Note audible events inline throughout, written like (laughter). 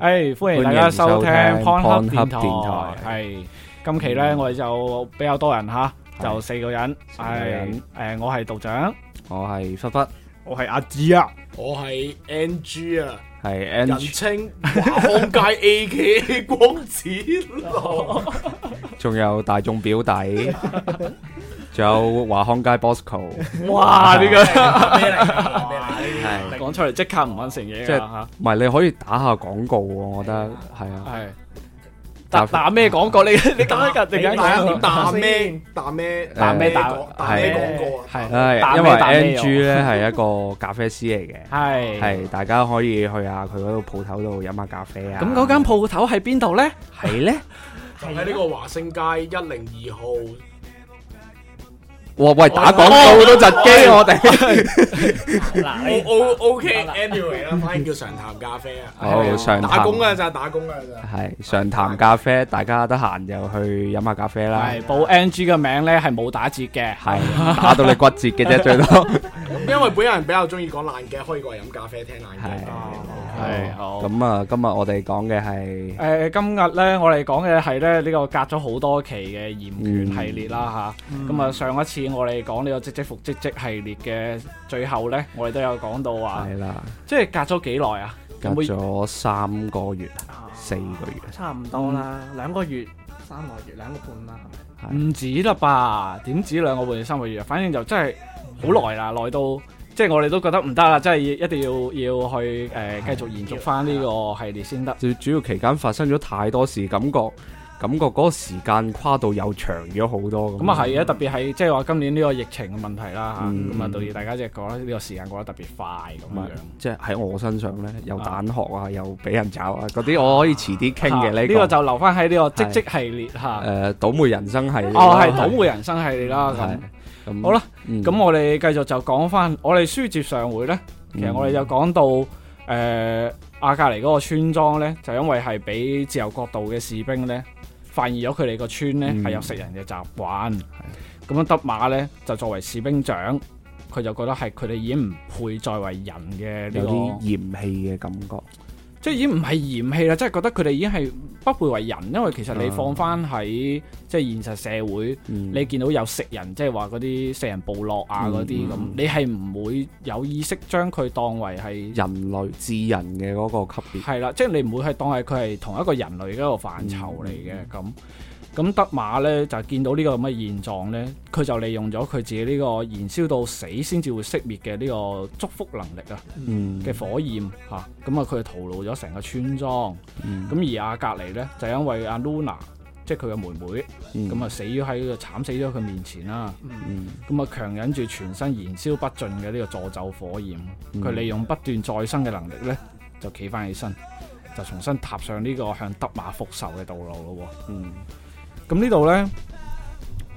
誒，歡迎大家收聽 Punch 電台。係，今期咧我哋就比較多人吓，就四個人。係，誒，我係道長，我係忽忽，我係阿志啊，我係 NG 啊，係人稱華康街 AK 光子佬，仲有大眾表弟。仲有華康街 Bosco，哇！呢個講出嚟即刻唔肯食嘢，即係唔係？你可以打下廣告，我覺得係啊。係打打咩廣告？你你打一格，你打點打咩？打咩？打咩？打咩？廣告係，因為 NG 咧係一個咖啡師嚟嘅，係係大家可以去下佢嗰個鋪頭度飲下咖啡啊。咁嗰間鋪頭喺邊度咧？係咧，就喺呢個華康街一零二號。喂！打廣告都窒機，我哋。嗱，O O K anyway 啦，反正叫常談咖啡啊。好常打工啊，真係打工啊。係常談咖啡，大家得閒就去飲下咖啡啦。係報 NG 嘅名咧，係冇打折嘅，係打到你骨折嘅啫，最多。因為本人比較中意講爛嘅，可以過嚟飲咖啡聽爛嘅。係好咁啊！今日我哋講嘅係誒，今日咧我哋講嘅係咧呢個隔咗好多期嘅演員系列啦吓。咁啊，上一次我哋講呢個即即复即即係列嘅最後咧，我哋都有講到話啦。即係隔咗幾耐啊？隔咗三個月，四個月。差唔多啦，兩個月、三個月、兩個半啦，係咪？唔止啦吧？點止兩個半三個月啊？反正就真係好耐啦，耐到。即係我哋都覺得唔得啦，即係一定要要去誒、呃、的繼續延續翻呢個系列先得。最主要期間發生咗太多事，感覺。感覺嗰個時間跨度又長咗好多咁，咁啊係啊！特別係即係話今年呢個疫情嘅問題啦吓，咁啊導致大家即係覺得呢個時間過得特別快咁樣。即係喺我身上咧，又蛋殼啊，又俾人找啊，嗰啲我可以遲啲傾嘅呢個就留翻喺呢個即即系列吓。誒，倒霉人生系列。哦，係倒霉人生系列啦。咁好啦，咁我哋繼續就講翻我哋書接上回咧。其實我哋就講到誒，阿隔籬嗰個村莊咧，就因為係俾自由國度嘅士兵咧。發現咗佢哋個村咧係有食人嘅習慣，咁樣、嗯、德馬咧就作為士兵長，佢就覺得係佢哋已經唔配再為人嘅呢啲嫌棄嘅感覺。即係已經唔係嫌棄啦，即係覺得佢哋已經係不配為人，因為其實你放翻喺即係現實社會，嗯、你見到有食人，即係話嗰啲食人部落啊嗰啲咁，嗯嗯、你係唔會有意識將佢當為係人類、智人嘅嗰個級別。係啦，即係你唔會係當係佢係同一個人類嗰個範疇嚟嘅咁。嗯嗯咁德馬咧就見到呢個咁嘅現狀咧，佢就利用咗佢自己呢個燃燒到死先至會熄滅嘅呢個祝福能力啊嘅火焰嚇，咁、嗯、啊佢就屠戮咗成個村莊。咁、嗯、而阿格尼咧就因為阿露娜即係佢嘅妹妹，咁啊、嗯、死咗喺呢個慘死咗佢面前啦。咁、嗯、啊強忍住全身燃燒不盡嘅呢個助咒火焰，佢利用不斷再生嘅能力咧，就企返起身，就重新踏上呢個向德馬復仇嘅道路咯喎。啊嗯咁呢度呢，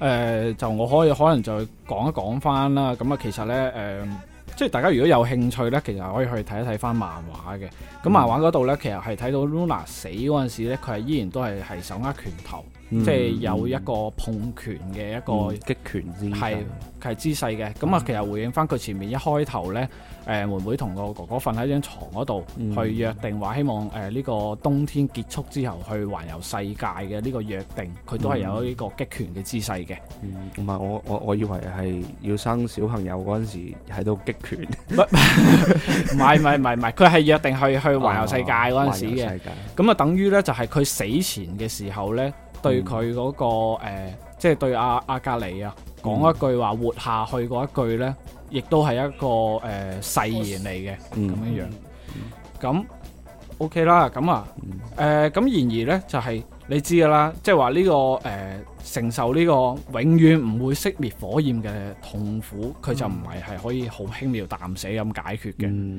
誒、呃、就我可以可能再講一講翻啦。咁啊，其實呢，誒、呃、即係大家如果有興趣呢，其實可以去睇一睇翻漫畫嘅。咁漫畫嗰度呢，其實係睇到 Luna 死嗰陣時呢，佢係依然都係係手握拳頭。嗯、即係有一個碰拳嘅一個擊拳，係係、嗯、姿勢嘅。咁啊、嗯，其實回應翻佢前面一開頭呢，誒、呃，妹妹同個哥哥瞓喺張床嗰度，嗯、去約定話希望誒呢、呃這個冬天結束之後去環遊世界嘅呢個約定，佢都係有呢個擊拳嘅姿勢嘅。唔係、嗯、我我，我以為係要生小朋友嗰陣時喺度激拳。唔係唔係唔係，佢係 (laughs) (laughs) 約定去去環遊世界嗰陣時嘅。咁啊、哦，等於呢，就係、是、佢死前嘅時候呢。對佢嗰、那個誒、呃，即係對阿阿格尼啊，講一句話活下去嗰一句呢，亦都係一個誒、呃、誓言嚟嘅，咁樣樣。咁 OK 啦，咁啊，誒、呃，咁然而呢，就係、是、你知噶啦，即係話呢個誒、呃、承受呢個永遠唔會熄滅火焰嘅痛苦，佢就唔係係可以好輕描淡寫咁解決嘅。咁、嗯、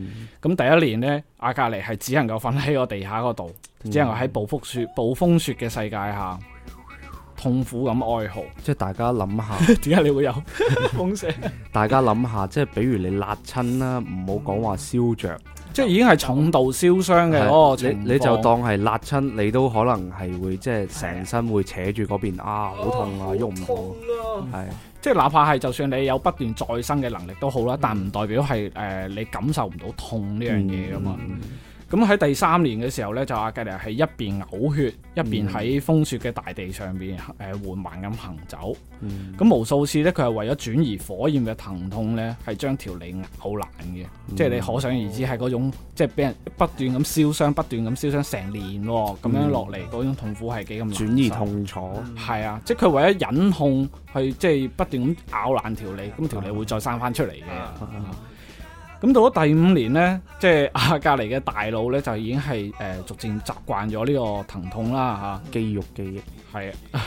第一年呢，阿格尼係只能夠瞓喺個地下嗰度，嗯、只能夠喺暴風雪、暴風雪嘅世界下。痛苦咁哀嚎，即係大家諗下，點解 (laughs) 你會有風聲？ (laughs) (laughs) 大家諗下，即係比如你辣親啦，唔好講話燒着，嗯、即係已經係重度燒傷嘅。哦、嗯，你你就當係辣親，你都可能係會即係成身會扯住嗰邊啊，好、啊、痛啊，喐唔到啊，啊嗯、是即係哪怕係就算你有不斷再生嘅能力都好啦，嗯、但唔代表係誒、呃、你感受唔到痛呢樣嘢㗎嘛。嗯咁喺第三年嘅時候呢，就阿格雷係一邊嘔血，嗯、一邊喺風雪嘅大地上邊誒、呃、緩慢咁行走，走。咁、嗯、無數次呢，佢係為咗轉移火焰嘅疼痛呢，係將條脷咬爛嘅。嗯、即係你可想而知係嗰種，即係俾人不斷咁燒傷，不斷咁燒傷成年咁樣落嚟嗰種痛苦係幾咁。轉移痛楚。係啊，即係佢為咗忍痛去即係不斷咁咬爛條脷，咁條脷會再生翻出嚟嘅。嗯嗯.咁到咗第五年呢，即係阿隔籬嘅大腦呢，就已經係誒、呃、逐漸習慣咗呢個疼痛啦，吓肌肉記憶。係啊，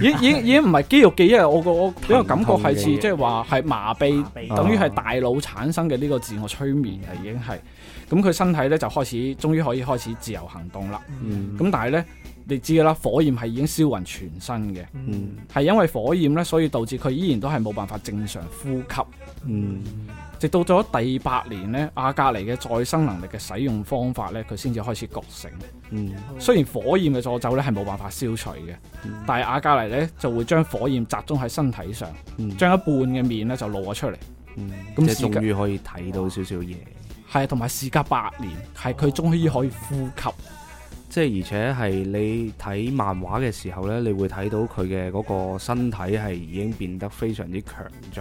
已已已經唔係肌肉記憶，我個我個感覺係似即係話係麻痹，麻痺等於係大腦產生嘅呢個自我催眠，已經係咁。佢、啊、身體呢，就開始，終於可以開始自由行動啦。咁、嗯、但係呢，你知㗎啦，火焰係已經燒匀全身嘅，係、嗯、因為火焰呢，所以導致佢依，依然都係冇辦法正常呼吸。嗯嗯直到咗第八年呢，阿格尼嘅再生能力嘅使用方法呢，佢先至開始覺醒。嗯，雖然火焰嘅詛咒呢，係冇辦法消除嘅，嗯、但係阿格尼呢，就會將火焰集中喺身體上，將、嗯、一半嘅面呢，就露咗出嚟。咁、嗯嗯、即係終於可以睇到少少嘢。係啊、哦，同埋時隔八年，係佢終於可以呼吸。哦哦嗯、即係而且係你睇漫畫嘅時候呢，你會睇到佢嘅嗰個身體係已經變得非常之強壯。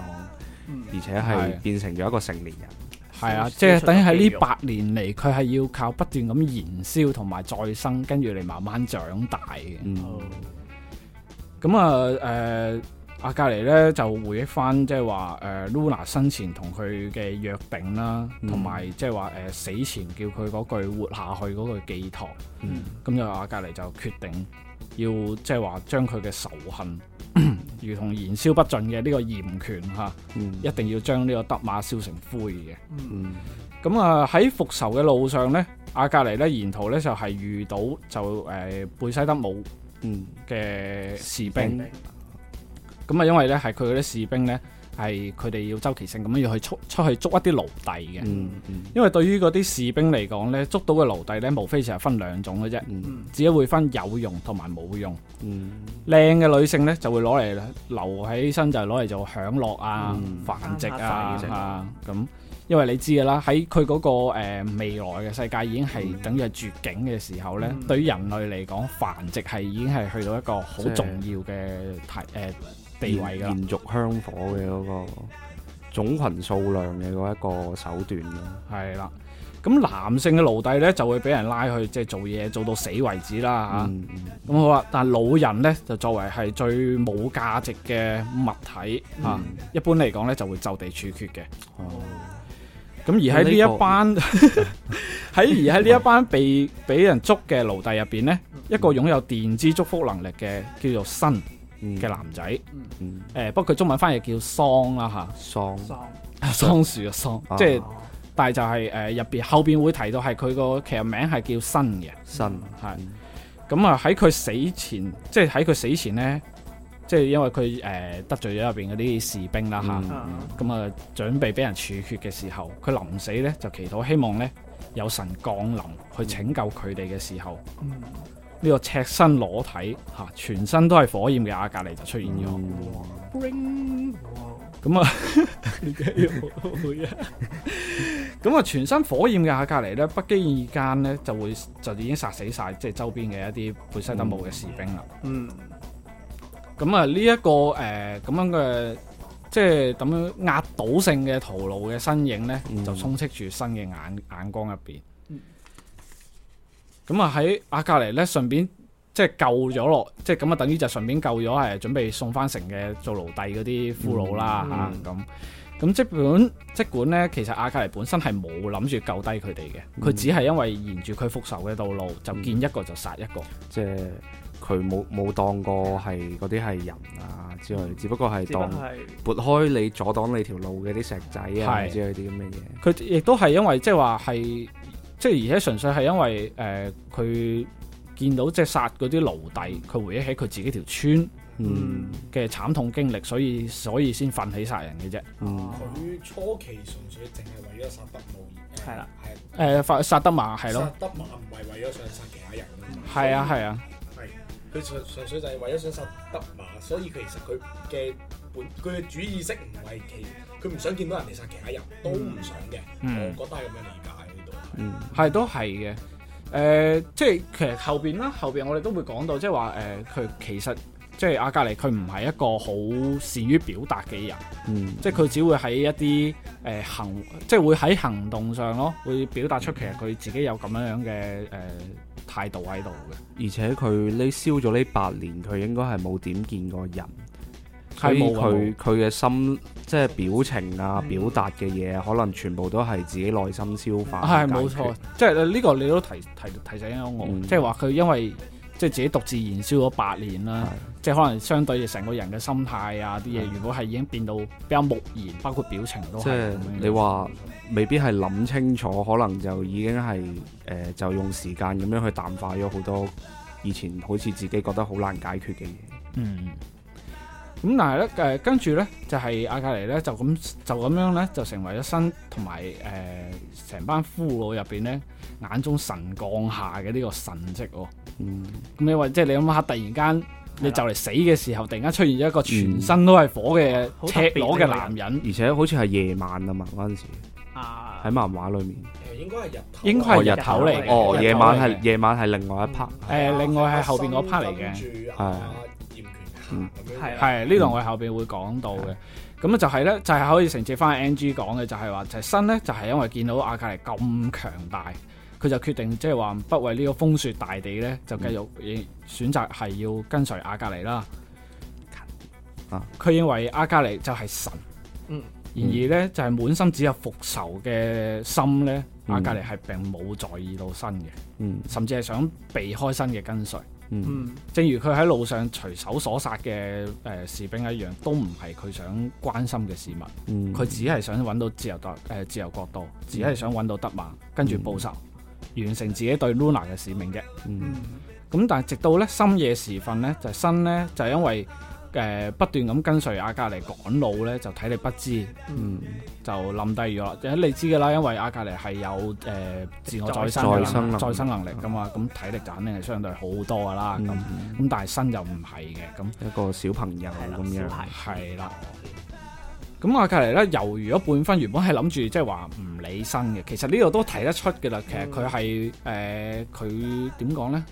而且係變成咗一個成年人，係啊，即係等於喺呢百年嚟，佢係要靠不斷咁燃燒同埋再生，跟住嚟慢慢長大嘅。咁啊、嗯，誒、呃，阿格尼咧就回憶翻，即係話誒，Luna 生前同佢嘅約定啦，同埋即係話誒死前叫佢嗰句活下去嗰句寄託。咁、嗯嗯、就阿格尼就決定。要即係話將佢嘅仇恨， (coughs) 如同燃燒不盡嘅呢個嚴權吓，嗯、一定要將呢個德馬燒成灰嘅。咁、嗯、啊喺復仇嘅路上咧，阿格尼咧沿途咧就係遇到就誒貝、呃、西德姆嗯嘅士兵，咁啊兵因為咧係佢嗰啲士兵咧。係佢哋要周期性咁樣要去出出去捉一啲奴隸嘅，嗯嗯、因為對於嗰啲士兵嚟講咧，捉到嘅奴隸呢，無非就係分兩種嘅啫，嗯、只係會分有用同埋冇用。靚嘅、嗯、女性呢，就會攞嚟留喺身，就攞、係、嚟做享樂啊、嗯、繁殖啊咁。啊因為你知噶啦，喺佢嗰個誒、呃、未來嘅世界已經係等於係絕境嘅時候呢，嗯、對於人類嚟講，繁殖係已經係去到一個好重要嘅題誒。呃延續香火嘅嗰、那個，種群數量嘅嗰一個手段咯，係啦。咁男性嘅奴隸咧就會俾人拉去即係、就是、做嘢做到死為止啦吓。咁、嗯、好啦，但係老人咧就作為係最冇價值嘅物體吓，啊、一般嚟講咧就會就地處決嘅。咁、哦、而喺呢、這個、一班喺 (laughs) (laughs) 而喺呢一班被俾人捉嘅奴隸入邊咧，嗯、一個擁有電子祝福能力嘅叫做新。嘅、嗯、男仔，誒、嗯欸、不過佢中文翻譯叫桑啦嚇桑，桑桑樹嘅桑，啊、即係，但係就係誒入邊後邊會提到係佢個其實名係叫新嘅，新係是，咁啊喺佢死前，即係喺佢死前咧，即、就、係、是、因為佢誒、呃、得罪咗入邊嗰啲士兵啦嚇，咁、嗯、啊準備俾人處決嘅時候，佢臨死咧就祈禱希望咧有神降臨去拯救佢哋嘅時候。嗯嗯。呢個赤身裸體嚇，全身都係火焰嘅阿格尼就出現咗。咁啊、嗯，咁啊，全身火焰嘅阿格尼呢，不經意間呢，就會就已經殺死晒，即係周邊嘅一啲貝西德姆嘅士兵啦。嗯。咁啊、嗯，呢一、這個誒咁、呃、樣嘅即係咁樣壓倒性嘅屠戮嘅身影呢，就充斥住新嘅眼、嗯、眼光入邊。咁啊喺阿格尼咧，順便即係救咗落，即係咁啊，等於就順便救咗係準備送翻城嘅做奴隸嗰啲俘虜啦嚇。咁咁、嗯嗯、即管即管咧，其實阿格尼本身係冇諗住救低佢哋嘅，佢只係因為沿住佢復仇嘅道路，嗯、就見一個就殺一個。即係佢冇冇當過係嗰啲係人啊之類，嗯、只不過係當撥開你阻擋你條路嘅啲石仔啊之類啲咁嘅嘢。佢亦都係因為即係話係。即係而且純粹係因為誒佢、呃、見到即係殺嗰啲奴隸，佢回憶起佢自己條村嘅、嗯嗯、慘痛經歷，所以所以先奮起殺人嘅啫。佢、嗯、初期純粹淨係為咗殺德馬而係啦，誒殺德馬係咯，呃、的的殺德馬唔係為咗想殺其他人。係啊係啊，係佢純粹就係為咗想殺德馬，所以其實佢嘅本佢嘅主意識唔係其佢唔想見到人哋殺其他人都唔想嘅，嗯、我覺得係咁樣理解。嗯，係都係嘅，誒、呃，即係其實後邊啦，後邊我哋都會講到，即係話，誒、呃，佢其實即係阿格尼，佢唔係一個好善於表達嘅人，嗯，即係佢只會喺一啲誒、呃、行，即係會喺行動上咯，會表達出其實佢自己有咁樣樣嘅誒態度喺度嘅，而且佢呢燒咗呢八年，佢應該係冇點見過人。所以佢佢嘅心即係表情啊、嗯、表達嘅嘢，可能全部都係自己內心消化。係冇、啊、錯，即係呢個你都提提提醒咗我，嗯、即係話佢因為即係自己獨自燃燒咗八年啦、啊，的即係可能相對成個人嘅心態啊啲嘢，的如果係已經變到比較木然，包括表情都即係是 你話未必係諗清楚，可能就已經係誒、呃、就用時間咁樣去淡化咗好多以前好似自己覺得好難解決嘅嘢。嗯。咁、嗯、但係咧，誒跟住咧就係、是、阿格雷咧就咁就咁樣咧就成為咗身同埋誒成班俘虜入邊咧眼中神降下嘅呢個神跡哦。嗯，咁你話即係你諗下，突然間你就嚟死嘅時候，突然間出現咗一個全身都係火嘅赤裸嘅男人，而且好似係夜晚啊嘛嗰陣時。啊！喺漫畫裏面，應該係日應該係日頭嚟。哦，夜晚係夜晚係另外一 part，嗯。誒、嗯嗯嗯，另外係後邊嗰 part 嚟嘅。係、啊。係係呢度我後邊會講到嘅，咁啊、嗯、就係咧就係、是、可以承接翻 N G 講嘅，就係、是、話就係新咧就係因為見到阿格尼咁強大，佢就決定即係話不為呢個風雪大地咧就繼續選擇係要跟隨阿格尼啦。啊，佢認為阿格尼就係神，嗯，然而咧就係滿心只有復仇嘅心咧，阿格尼係並冇在意到新嘅，嗯，甚至係想避開新嘅跟隨。嗯，mm hmm. 正如佢喺路上隨手所殺嘅誒、呃、士兵一樣，都唔係佢想關心嘅事物。嗯、mm，佢、hmm. 只係想揾到自由，呃、自由度，誒自由國度，自己係想揾到德瑪，跟住報仇，mm hmm. 完成自己對 Luna 嘅使命啫。Mm hmm. 嗯，咁但係直到呢深夜時分呢，就是、新呢，就是、因為。誒、呃、不斷咁跟隨阿格尼趕路咧，就體力不支，嗯，就冧低咗喇。誒你知嘅啦，因為阿格尼係有誒、呃、自我再生再生再生能力嘅嘛，咁、嗯、體力就肯定係相對好多嘅啦。咁咁、嗯、但係身就唔係嘅，咁一個小朋友咁樣，係啦。咁我隔離咧，猶豫咗半分，原本係諗住即係話唔理生嘅。其實呢個都睇得出嘅啦。其實佢係誒，佢點講咧？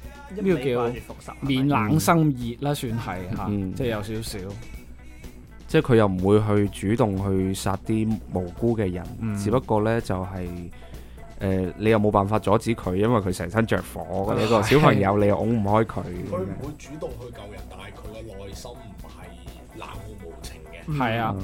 呢個叫面冷心熱啦，算係嚇，即係有少少。即係佢又唔會去主動去殺啲無辜嘅人，只不過咧就係誒，你又冇辦法阻止佢，因為佢成身着火呢個小朋友，你又拱唔開佢。佢唔會主動去救人，但係佢嘅內心唔係冷酷無情嘅。係啊。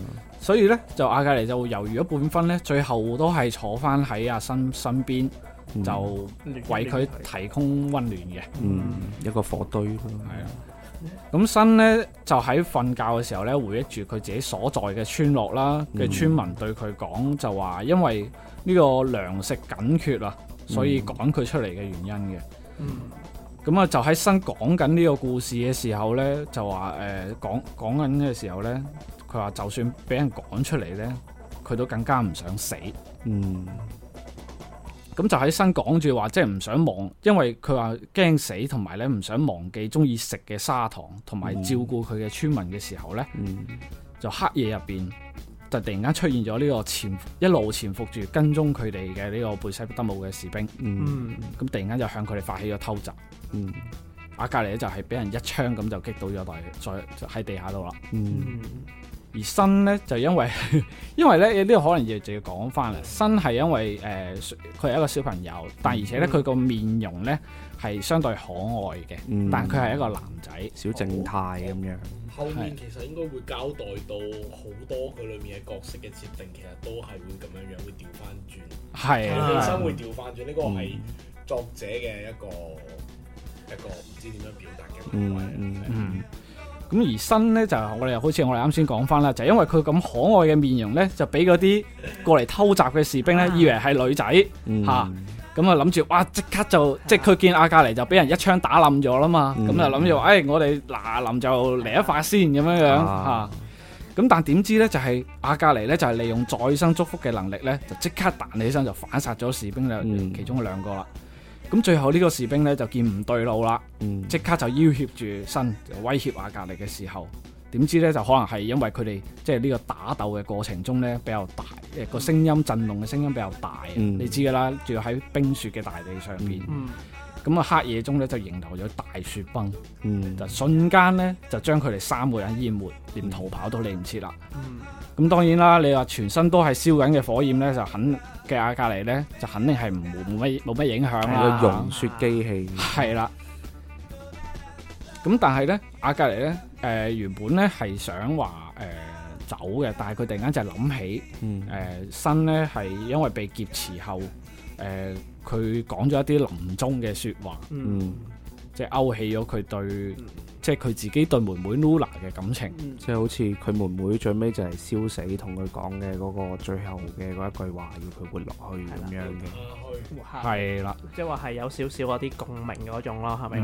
所以咧，就阿加尼就猶豫咗半分咧，最後都係坐翻喺阿新身邊，嗯、就為佢提供溫暖嘅。嗯，一個火堆係啊。咁新咧就喺瞓覺嘅時候咧，回憶住佢自己所在嘅村落啦，嘅、嗯、村民對佢講就話，因為呢個糧食緊缺啦，所以趕佢出嚟嘅原因嘅。嗯。咁啊、嗯，就喺新講緊呢個故事嘅時候咧，就話誒、呃、講講緊嘅時候咧。佢話就算俾人趕出嚟呢，佢都更加唔想死。嗯，咁就喺新講住話，即係唔想忘，因為佢話驚死，同埋咧唔想忘記中意食嘅砂糖，同埋照顧佢嘅村民嘅時候呢，嗯、就黑夜入邊就突然間出現咗呢個潛伏一路潛伏住跟蹤佢哋嘅呢個貝西德姆嘅士兵。嗯，咁突然間就向佢哋發起咗偷襲。嗯，啊隔籬就係俾人一槍咁就擊倒咗，但係喺地下度啦。嗯。嗯而新咧就因為，因為咧呢個可能要就要講翻啦。新係因為誒，佢係一個小朋友，但而且咧佢個面容咧係相對可愛嘅，但佢係一個男仔，小正太咁樣。後面其實應該會交代到好多佢裏面嘅角色嘅設定，其實都係會咁樣樣，會調翻轉。係啊，新會調翻轉，呢個係作者嘅一個一個唔知點樣表達嘅。嗯嗯嗯。咁而新咧就我哋好似我哋啱先講翻啦，就因為佢咁可愛嘅面容咧，就俾嗰啲過嚟偷襲嘅士兵咧，啊、以為係女仔吓，咁、嗯、啊諗住哇即刻就、啊、即係佢見阿格尼就俾人一槍打冧咗啦嘛，咁、嗯嗯、就諗住話誒我哋嗱臨就嚟一塊先咁樣樣吓，咁但點知咧就係阿格尼咧就係利用再生祝福嘅能力咧，就即刻彈起身就反殺咗士兵兩、嗯、其中兩個啦。嗯咁最後呢個士兵咧就見唔對路啦，即、嗯、刻就要挾住身，就威脅下隔籬嘅時候，點知咧就可能係因為佢哋即係呢個打鬥嘅過程中咧比較大，誒、那個聲音震動嘅聲音比較大，嗯、你知噶啦，仲要喺冰雪嘅大地上邊，咁啊、嗯嗯、黑夜中咧就迎頭咗大雪崩，嗯、就瞬間咧就將佢哋三個人淹沒，連逃跑都嚟唔切啦。嗯咁當然啦，你話全身都係燒緊嘅火焰咧，就肯嘅阿格尼咧，就肯定係唔冇乜冇乜影響啦、啊。個融雪機器係、啊、啦，咁但係咧，阿格尼咧，誒、呃、原本咧係想話誒、呃、走嘅，但係佢突然間就諗起，誒、嗯呃、身咧係因為被劫持後，誒佢講咗一啲臨終嘅説話。嗯嗯即係勾起咗佢對，嗯、即係佢自己對妹妹 Luna 嘅感情，即係、嗯、好似佢妹妹最尾就係燒死，同佢講嘅嗰個最後嘅嗰一句話要，要佢活落去咁樣嘅，係啦、嗯，了即係話係有少少嗰啲共鳴嗰種咯，係咪？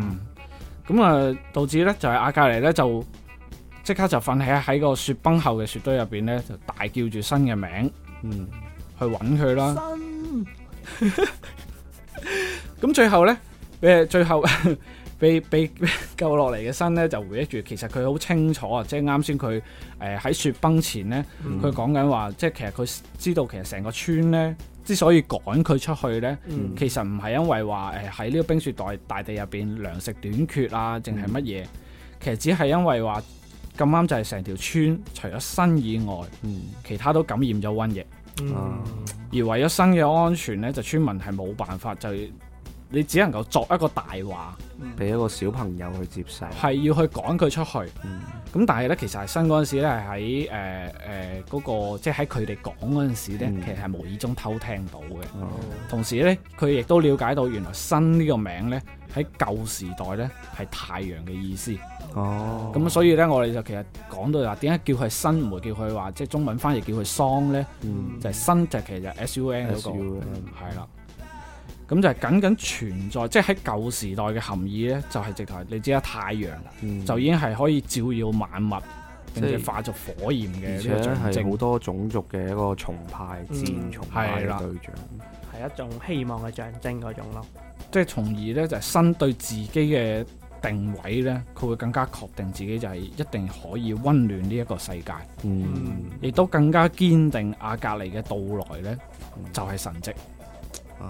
咁啊、嗯，導致咧就係阿格尼咧就即刻就瞓喺喺個雪崩後嘅雪堆入邊咧，就大叫住新嘅名，嗯，嗯去揾佢啦。咁新 (laughs) (laughs) 最後咧，誒，最後。 (laughs) 被救落嚟嘅身咧，就回憶住其實佢好清楚啊！即係啱先佢誒喺雪崩前咧，佢講緊話，即係其實佢知道其實成個村咧之所以趕佢出去咧，嗯、其實唔係因為話誒喺呢個冰雪代大地入邊糧食短缺啊，定係乜嘢？嗯、其實只係因為話咁啱就係成條村除咗身以外，嗯、其他都感染咗瘟疫，嗯、而為咗身嘅安全咧，就村民係冇辦法就。你只能夠作一個大話，俾一個小朋友去接受，係要去趕佢出去。咁但係咧，其實係新嗰陣時咧，喺誒誒嗰個，即係喺佢哋講嗰陣時咧，其實係無意中偷聽到嘅。同時咧，佢亦都了解到原來新呢個名咧，喺舊時代咧係太陽嘅意思。哦，咁所以咧，我哋就其實講到話點解叫佢新，唔會叫佢話即係中文翻譯叫佢桑咧，就係新，就其實就 SUN 嗰個，係啦。咁就係僅僅存在，即係喺舊時代嘅含義咧，就係、是、直頭，你知啦，太陽、嗯、就已經係可以照耀萬物，並且化作火焰嘅象徵，而且係好多種族嘅一個崇拜、戰崇拜啦，對象，係一種希望嘅象徵嗰種咯。即係、嗯、從而咧，就係、是、新對自己嘅定位咧，佢會更加確定自己就係一定可以溫暖呢一個世界，亦、嗯嗯、都更加堅定阿格尼嘅到來咧就係、是、神跡。嗯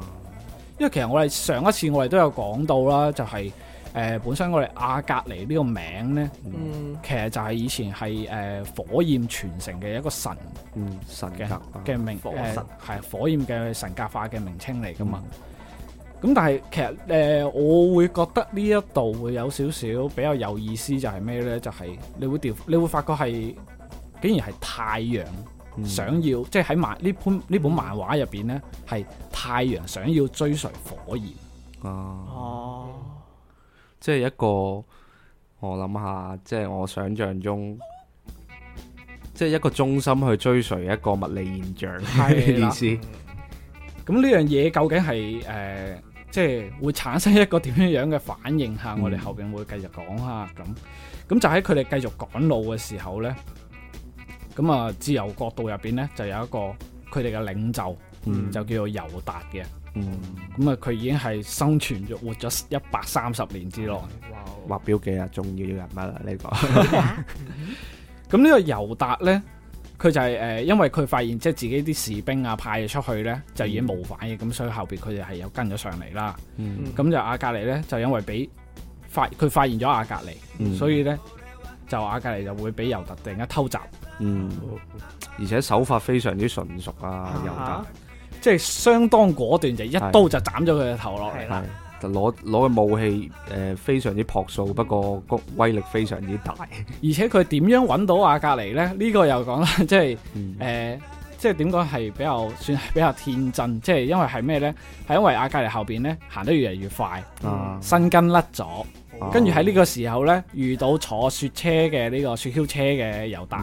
因為其實我哋上一次我哋都有講到啦、就是，就係誒本身我哋阿格尼呢個名咧，嗯，其實就係以前係誒、呃、火焰傳承嘅一個神，嗯神格嘅名，誒係火焰嘅神格化嘅名稱嚟㗎嘛。咁但係其實誒、呃、我會覺得呢一度會有少少比較有意思就，就係咩咧？就係你會調你會發覺係竟然係太陽。想要即係喺漫呢本呢本漫畫入邊咧，係太陽想要追隨火焰啊哦，即係一個我諗下，即係我想象中，即係一個中心去追隨一個物理現象嘅意思。咁呢樣嘢究竟係誒，即係會產生一個點樣樣嘅反應？下我哋後邊會繼續講下咁。咁就喺佢哋繼續趕路嘅時候咧。咁啊，自由國度入邊咧就有一個佢哋嘅領袖，嗯、就叫做猶達嘅。咁啊，佢已經係生存咗活咗一百三十年之內，劃表幾啊重要人物啦呢個。咁呢個猶達咧，佢就係誒，因為佢發現即係自己啲士兵啊派出去咧就已經冇反應嘅，咁所以後邊佢哋係有跟咗上嚟啦。咁就阿格尼咧就因為俾發佢發現咗阿格尼，所以咧就阿格尼就會俾猶達突然間偷襲。嗯，而且手法非常之純熟啊，又得的，即係相當果斷，就的一刀就斬咗佢嘅頭落嚟啦。就攞攞個武器，誒、呃，非常之樸素，不過個威力非常之大。而且佢點樣揾到阿格尼咧？呢、這個又講啦，即係誒、嗯呃，即係點講係比較算比較天真，即係因為係咩咧？係因為阿格尼後邊咧行得越嚟越快，嗯啊、身根甩咗。跟住喺呢個時候呢，遇到坐雪車嘅呢個雪橇車嘅尤達，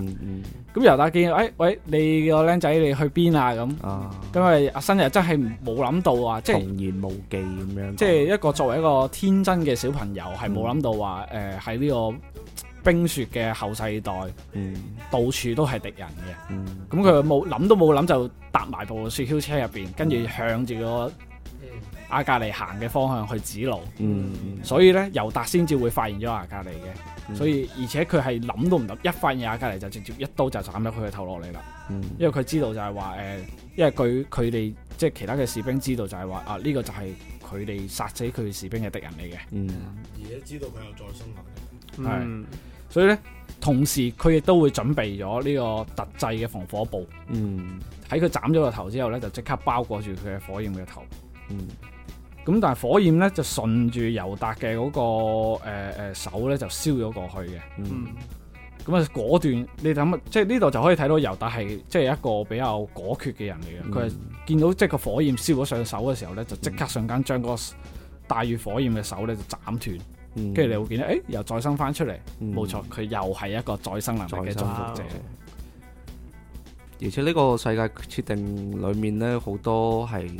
咁尤達見到，誒、哎、喂，你個靚仔你去邊啊？咁，咁啊阿新又真係冇諗到啊，即係童言無忌咁樣，即係一個作為一個天真嘅小朋友，係冇諗到話誒喺呢個冰雪嘅後世代，嗯、到處都係敵人嘅，咁佢冇諗都冇諗就搭埋部雪橇車入邊，跟住向住個阿格尼行嘅方向去指路，嗯、所以咧尤達先至會發現咗阿格尼嘅，嗯、所以而且佢係諗都唔諗，一發現阿格尼就直接一刀就斬咗佢嘅頭落嚟啦。因為佢知道就係話誒，因為佢佢哋即係其他嘅士兵知道就係話啊呢、呢個就係佢哋殺死佢士兵嘅敵人嚟嘅。而且知道佢有再生能力，係、嗯，所以咧同時佢亦都會準備咗呢個特製嘅防火布，喺佢斬咗個頭之後咧就即刻包裹住佢嘅火焰嘅頭。嗯咁但係火焰咧就順住尤達嘅嗰個誒誒、呃呃、手咧就燒咗過去嘅。嗯。咁啊果斷，你諗，即係呢度就可以睇到尤達係即係一個比較果決嘅人嚟嘅。佢係見到即係個火焰燒咗上手嘅時候咧，就即刻瞬間將個帶住火焰嘅手咧就斬斷。跟住、嗯、你會見到，誒、欸，又再生翻出嚟。冇錯、嗯，佢又係一個再生能力嘅征服者，者、啊。而且呢個世界設定裏面咧，好多係。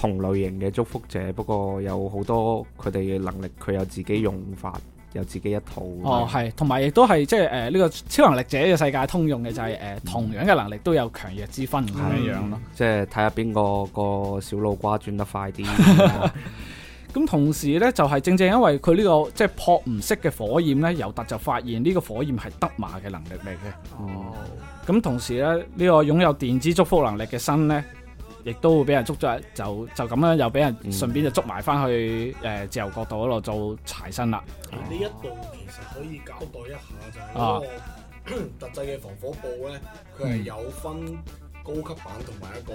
同類型嘅祝福者，不過有好多佢哋嘅能力，佢有自己用法，有自己一套。哦，係，同埋亦都係即係誒呢個超能力者嘅世界通用嘅，就是，就係誒同樣嘅能力都有強弱之分咁樣樣咯，嗯。即係睇下邊個個小腦瓜轉得快啲。咁 (laughs) 同時咧，就係，是，正正因為佢呢、這個即係撲唔熄嘅火焰咧，尤特就發現呢個火焰係德馬嘅能力嚟嘅。哦。咁，嗯、同時咧、呢、這個擁有電子祝福能力嘅新咧。亦都會俾人捉咗，就就咁樣，又俾人順便就捉埋翻去誒自由國度嗰度做柴身啦。呢一度其實可以交代一下，就係呢個特製嘅防火布咧，佢係有分高級版同埋一個誒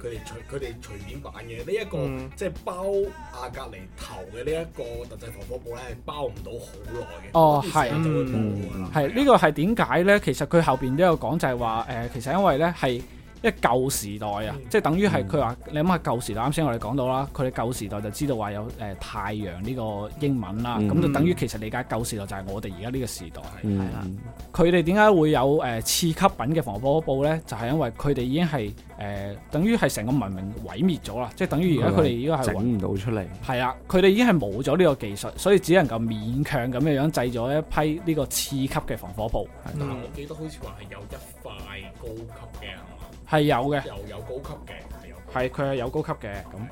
佢哋隨佢哋隨便版嘅。呢一個即係包阿格尼頭嘅呢一個特製防火布咧，係包唔到好耐嘅。哦，係，嗯，係呢個係點解咧？其實佢後邊都有講，就係話誒，其實因為咧係。即係舊時代啊！嗯、即係等於係佢話你諗下舊時代，啱先我哋講到啦，佢哋舊時代就知道話有誒、呃、太陽呢個英文啦，咁、嗯、就等於其實理解舊時代就係我哋而家呢個時代係啦。佢哋點解會有誒、呃、次級品嘅防火布呢？就係、是、因為佢哋已經係誒、呃、等於係成個文明毀滅咗啦，即係等於而家佢哋已經係搵唔到出嚟。係啦，佢哋已經係冇咗呢個技術，所以只能夠勉強咁樣製咗一批呢個次級嘅防火布。的但係我記得好似話係有一塊高級嘅的係有嘅，又有，有高級嘅，係佢係有高級嘅咁，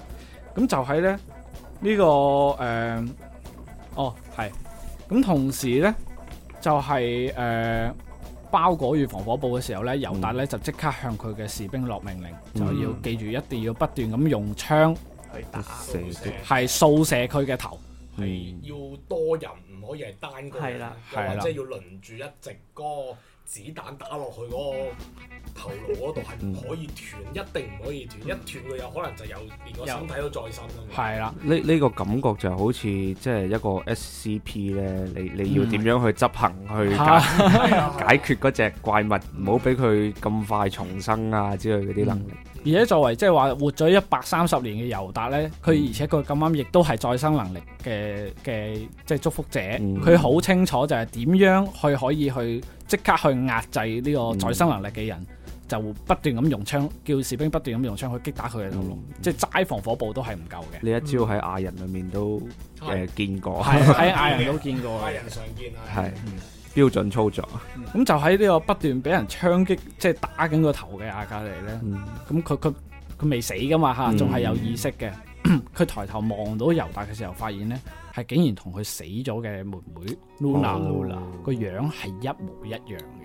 咁的就喺咧呢、這個誒、呃，哦係，咁同時咧就係、是、誒、呃、包裹與防火布嘅時候咧，尤達咧、嗯、就即刻向佢嘅士兵落命令，就要記住一定要不斷咁用槍去打，係、嗯、掃射佢嘅頭，嗯、要多人唔可以係單個，係啦的，係啦，即係要輪住一直歌。的子彈打落去嗰個頭顱嗰度係唔可以斷，嗯、一定唔可以斷，嗯、一斷佢有可能就有連個身體都再生㗎啦，呢呢、嗯呢個感覺就好似即係一個 S C P 咧，你你要點樣去執行、嗯、去解決嗰隻的怪物，唔好俾佢咁快重生啊之類嗰啲能力。嗯。而且作為即係話活咗一百三十年嘅尤達呢，佢而且佢咁啱亦都係再生能力嘅嘅即係祝福者，佢好清楚就係點樣去可以去即刻去壓制呢個再生能力嘅人，就不斷咁用槍，叫士兵不斷咁用槍去擊打佢嘅頭腦，即係齋防火布都係唔夠嘅。呢一招喺亞人裏面都誒見過，喺亞人都見過，亞人上見啊，係。標準操作啊！咁、嗯、就喺呢個不斷俾人槍擊，即、就、係、是、打緊個頭嘅阿加尼咧。咁佢佢佢未死㗎嘛嚇，仲係、嗯、有意識嘅。佢 (coughs) 抬頭望到猶大嘅時候，發現咧係竟然同佢死咗嘅妹妹 Luna、哦、Luna 個樣係一模一樣嘅。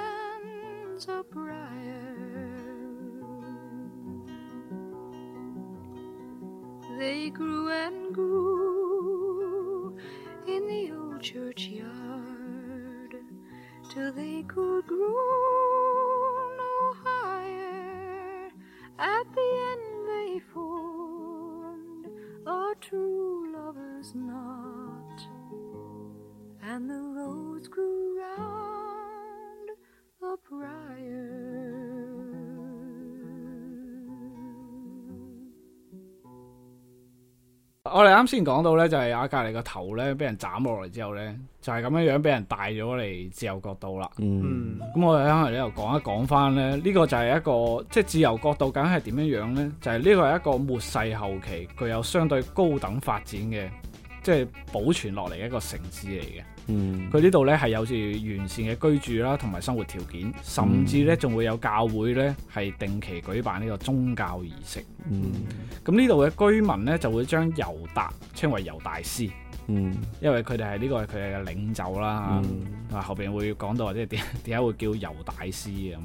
我哋啱先講到咧，就係阿隔籬個頭咧，俾人斬落嚟，之後咧，就係咁樣樣俾人帶咗嚟自由角度啦。咁我哋喺呢度講一講翻咧，呢個就係一個即係、就是、自由角度，究竟係點樣樣咧？就係、是、呢個係一個末世後期具有相對高等發展嘅，即、就、係、是、保存落嚟一個城市嚟嘅。佢呢度咧係有住完善嘅居住啦，同埋生活條件，甚至呢仲、嗯、會有教會呢係定期舉辦呢個宗教儀式。咁呢度嘅居民呢，就會將尤達稱為尤大師，嗯、因為佢哋係呢個係佢哋嘅領袖啦吓。嗯、啊，後邊會講到或者點點解會叫尤大師咁，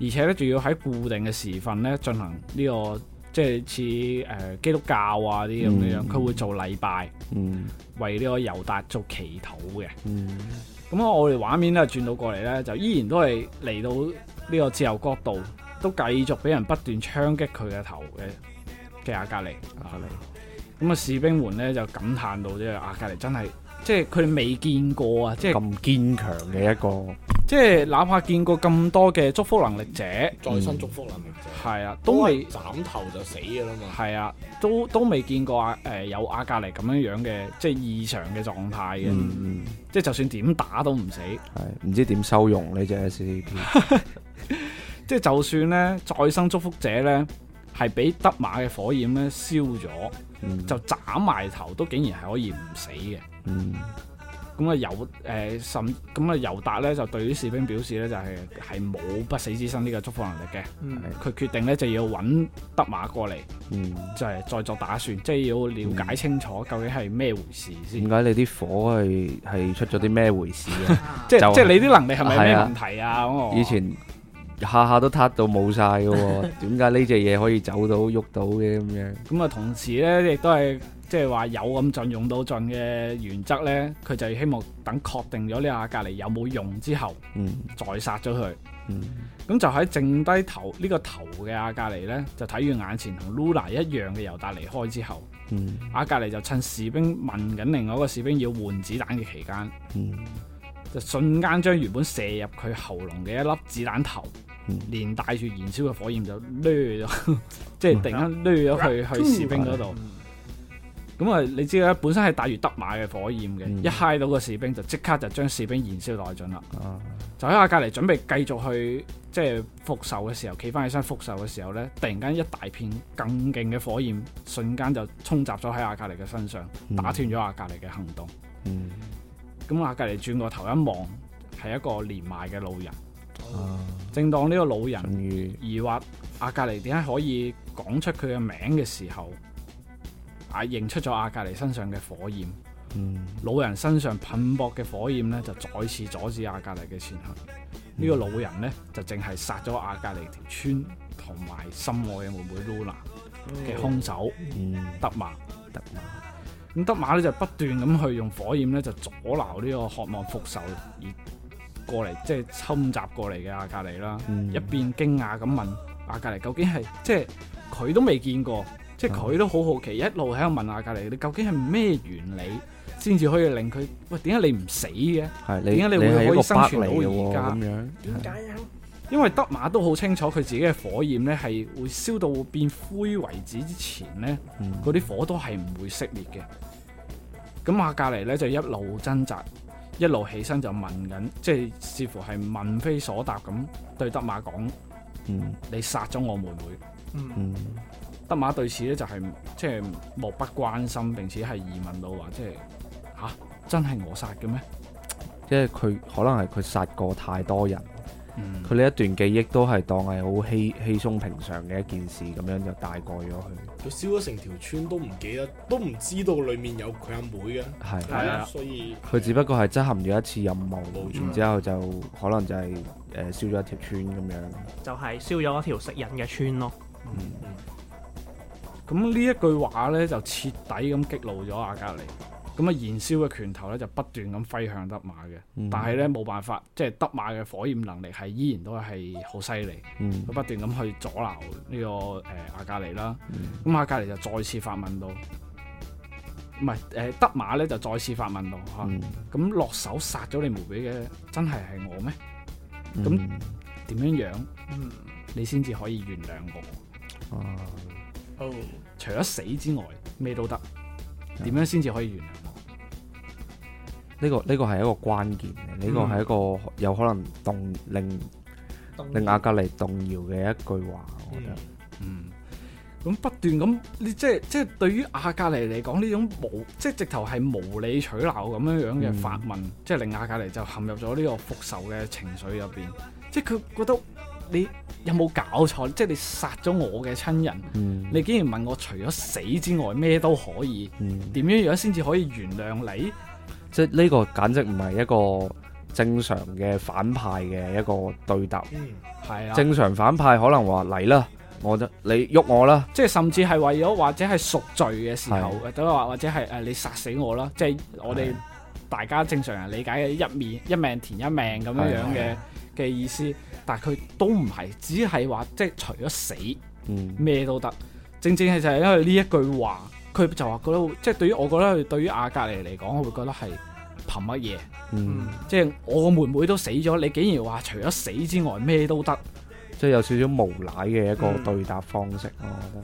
而且呢，仲要喺固定嘅時份呢進行呢、呢個。即係似誒基督教啊啲咁嘅樣，佢、mm hmm. 會做禮拜，mm hmm. 為呢個猶達做祈禱嘅。咁啊、mm，hmm. 我哋畫面咧轉到過嚟咧，就依然都係嚟到呢個自由國度，都繼續俾人不斷槍擊佢嘅頭嘅。嘅阿格離，阿格離。咁啊，啊啊士兵們咧就感嘆到即啫，阿格離真係，即係佢未見過啊，即係咁堅強嘅一個。即係哪怕見過咁多嘅祝福能力者，嗯、再生祝福能力者係啊，都係斬頭就死噶啦嘛。係啊，都都未見過誒、呃、有阿格尼咁樣咁樣嘅即係異常嘅狀態嘅，即係、嗯、就算點打都唔死。係唔知點收容呢隻 SCP？即係 (laughs) (laughs) 就算咧再生祝福者咧，係俾德瑪嘅火焰咧燒咗，嗯、就斬埋頭都竟然係可以唔死嘅。嗯。嗯咁啊，尤誒甚咁啊，尤達咧就對啲士兵表示咧，就係係冇不死之身呢個祝福能力嘅。佢決定咧就要揾德馬過嚟，就係再作打算，即係要了解清楚究竟係咩回事先。點解你啲火係係出咗啲咩回事啊？即係即係你啲能力係咪有咩問題啊？以前下下都撻到冇晒嘅，點解呢隻嘢可以走到喐到嘅咁樣？咁啊，同時咧亦都係。即係話有咁盡用到盡嘅原則呢，佢就希望等確定咗呢阿格尼有冇用之後，mm. 再殺咗佢。咁、mm. 就喺剩低頭呢、呢個頭嘅阿格尼呢，就睇住眼前同 Luna 一樣嘅猶大離開之後，mm. 阿格尼就趁士兵問緊另外一個士兵要換子彈嘅期間，mm. 就瞬間將原本射入佢喉嚨嘅一粒子彈頭，mm. 連帶住燃燒嘅火焰就掠咗，即係突然間掠咗去去士兵嗰度。 (laughs) 咁啊，你知啦，本身係帶住德馬嘅火焰嘅，嗯、一嗨到個士兵就即刻就將士兵燃燒殆盡啦。啊、就喺阿格尼準備繼續去即係復仇嘅時候，企翻起身復仇嘅時候咧，突然間一大片更勁嘅火焰瞬間就衝襲咗喺阿格尼嘅身上，嗯、打斷咗阿格尼嘅行動。咁阿格尼轉過頭一望，係一個年邁嘅老人。正當呢個老人疑惑阿格尼點解可以講出佢嘅名嘅時候，啊！認出咗阿格尼身上嘅火焰，嗯，老人身上噴薄嘅火焰咧，就再次阻止阿格尼嘅前行。呢、嗯、個老人咧，就淨係殺咗阿格尼條村同埋心愛嘅妹妹露娜嘅兇手德馬、嗯、德馬。咁德馬咧就不斷咁去用火焰咧就阻撓呢個渴望復仇而過嚟即係侵襲過嚟嘅阿格尼啦。嗯、一邊驚訝咁問阿格尼，究竟係即係佢都未見過？即係佢都好好奇，嗯、一路喺度問阿隔離：你究竟係咩原理先至可以令佢？喂，點解你唔死嘅？點解你，你會你可以生存到而家？點解？因為德馬都好清楚佢自己嘅火焰咧，係會燒到會變灰為止之前咧，嗰啲、嗯、火都係唔會熄滅嘅。咁阿隔離咧就一路掙扎，一路起身就問緊，即係似乎係問非所答咁對德馬講：你殺咗我妹妹。德瑪對此咧就係、是、即係漠不關心，並且係疑問到話，即係嚇、啊、真係我殺嘅咩？即係佢可能係佢殺過太多人，佢呢、嗯、一段記憶都係當係好稀稀鬆平常嘅一件事，咁樣就帶過咗佢。佢燒咗成條村都唔記得，都唔知道裏面有佢阿妹啊。係係啊。了所以佢只不過係執行咗一次任務，嗯、然之後就可能就係、是、誒、呃、燒咗一條村咁樣，就係燒咗一條食人嘅村咯。嗯嗯。嗯咁呢一句話咧就徹底咁激怒咗阿格尼。咁啊燃燒嘅拳頭咧就不斷咁揮向德馬嘅，嗯、但係咧冇辦法，即係德馬嘅火焰能力係依然都係好犀利，佢、嗯、不斷咁去阻撓呢、這個誒、呃、阿格尼啦，咁、嗯、阿格尼就再次發問到，唔係誒德馬咧就再次發問到吓，咁、啊、落、嗯、手殺咗你無比嘅，真係係我咩？咁點樣樣，嗯、你先至可以原諒我？啊 Oh. 除咗死之外，咩都得？點 Yeah. 樣先至可以原諒我？呢、這個呢、這個係一個關鍵嘅，呢、嗯、個係一個有可能動令動了令阿格尼動搖嘅一句話，嗯、我覺得。嗯。咁不斷咁，呢即係即係對於阿格尼嚟講，呢種無即係直頭係無理取鬧咁樣樣嘅發問，嗯、即係令阿格尼就陷入咗呢個復仇嘅情緒入邊，即係佢覺得。你有冇搞錯？即係你殺咗我嘅親人，嗯、你竟然問我除咗死之外咩都可以？點、嗯、樣樣先至可以原諒你？即係呢個簡直唔係一個正常嘅反派嘅一個對答。係、嗯、啊，正常反派可能話嚟啦，我就你喐我啦。即係甚至係為咗或者係贖罪嘅時候，啊、或者或者係誒你殺死我啦。即係、啊、我哋大家正常人理解嘅一命一命填一命咁樣樣嘅嘅意思。但係佢都唔係，只係話即係除咗死，咩、嗯、都得。正正係就係因為呢一句話，佢就話覺得，即係對於我覺得，對於阿格尼嚟講，我會覺得係憑乜嘢？嗯、即係我個妹妹都死咗，你竟然話除咗死之外咩都得，即係有少少無賴嘅一個對答方式，嗯、我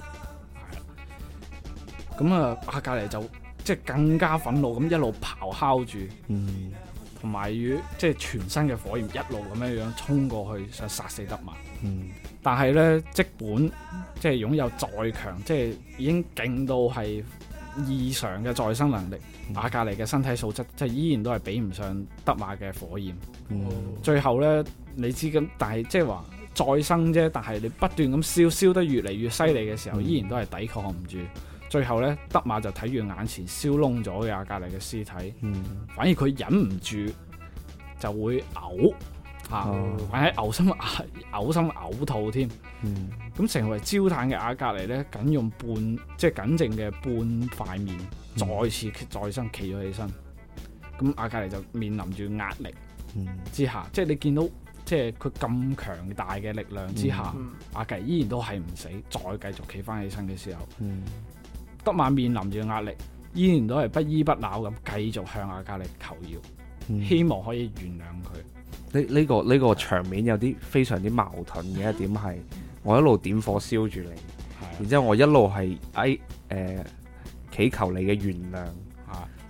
覺得係啦。咁啊，阿格尼就即係更加憤怒咁一路咆哮住。嗯同埋與即係全身嘅火焰一路咁樣樣衝過去，想殺死德瑪。嗯，但係呢，即本即係擁有再強，即係已經勁到係異常嘅再生能力，馬格尼嘅身體素質即係依然都係比唔上德瑪嘅火焰。嗯，最後呢，你知咁，但係即係話再生啫，但係你不斷咁燒，燒得越嚟越犀利嘅時候，依然都係抵抗唔住。最後咧，德馬就睇住眼前燒燶咗嘅阿格尼嘅屍體，嗯、反而佢忍唔住就會嘔，嚇、嗯，或者嘔心嘔心嘔吐添。咁、嗯、成為焦炭嘅阿格尼咧，僅用半即係僅剩嘅半塊面，嗯，再次再生企咗起身。咁阿格尼就面臨住壓力之下，嗯、即係你見到即係佢咁強大嘅力量之下，嗯嗯、阿格尼依然都係唔死，再繼續企返起身嘅時候。嗯嗯德馬面臨住嘅壓力，依然都係不依不饒咁繼續向阿嘉力求饒，希望可以原諒佢。呢呢、嗯嗯呢個呢、呢個場面有啲非常之矛盾嘅一點係，我一路點火燒住你，啊、然之後我一路係誒誒祈求你嘅原諒。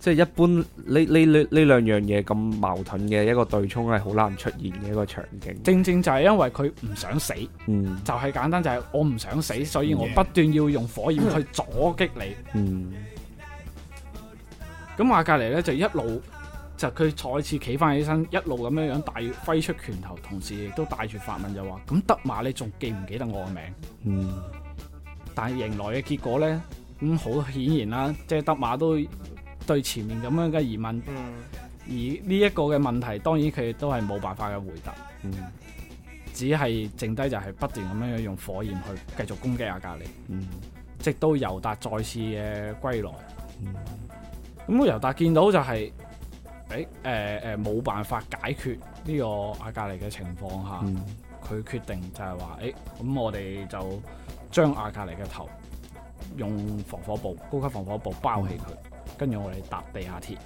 即係一般呢呢呢兩樣嘢咁矛盾嘅一個對沖係好難出現嘅一個場景，正正就係因為佢唔想死，嗯，就係簡單就係我唔想死，所以我不斷要用火焰去阻擊你，嗯。咁馬格尼呢，就一路就佢再次企翻起身，一路咁樣樣帶揮出拳頭，同時亦都帶住發問就話：咁德馬你仲記唔記得我嘅名？嗯。但係迎來嘅結果呢，咁好顯然啦，即係德馬都。對前面咁樣嘅疑問，嗯、而呢一個嘅問題，當然佢都係冇辦法嘅回答，嗯、只係剩低就係不斷咁樣用火焰去繼續攻擊阿格尼，嗯、直到尤達再次嘅歸來。咁、嗯、尤達見到就係、是，誒誒誒，冇、呃呃、辦法解決呢個阿格尼嘅情況下，佢、嗯、決定就係話，誒、欸、咁，我哋就將阿格尼嘅頭用防火布、高級防火布包起佢。嗯。跟住我哋搭地下鐵，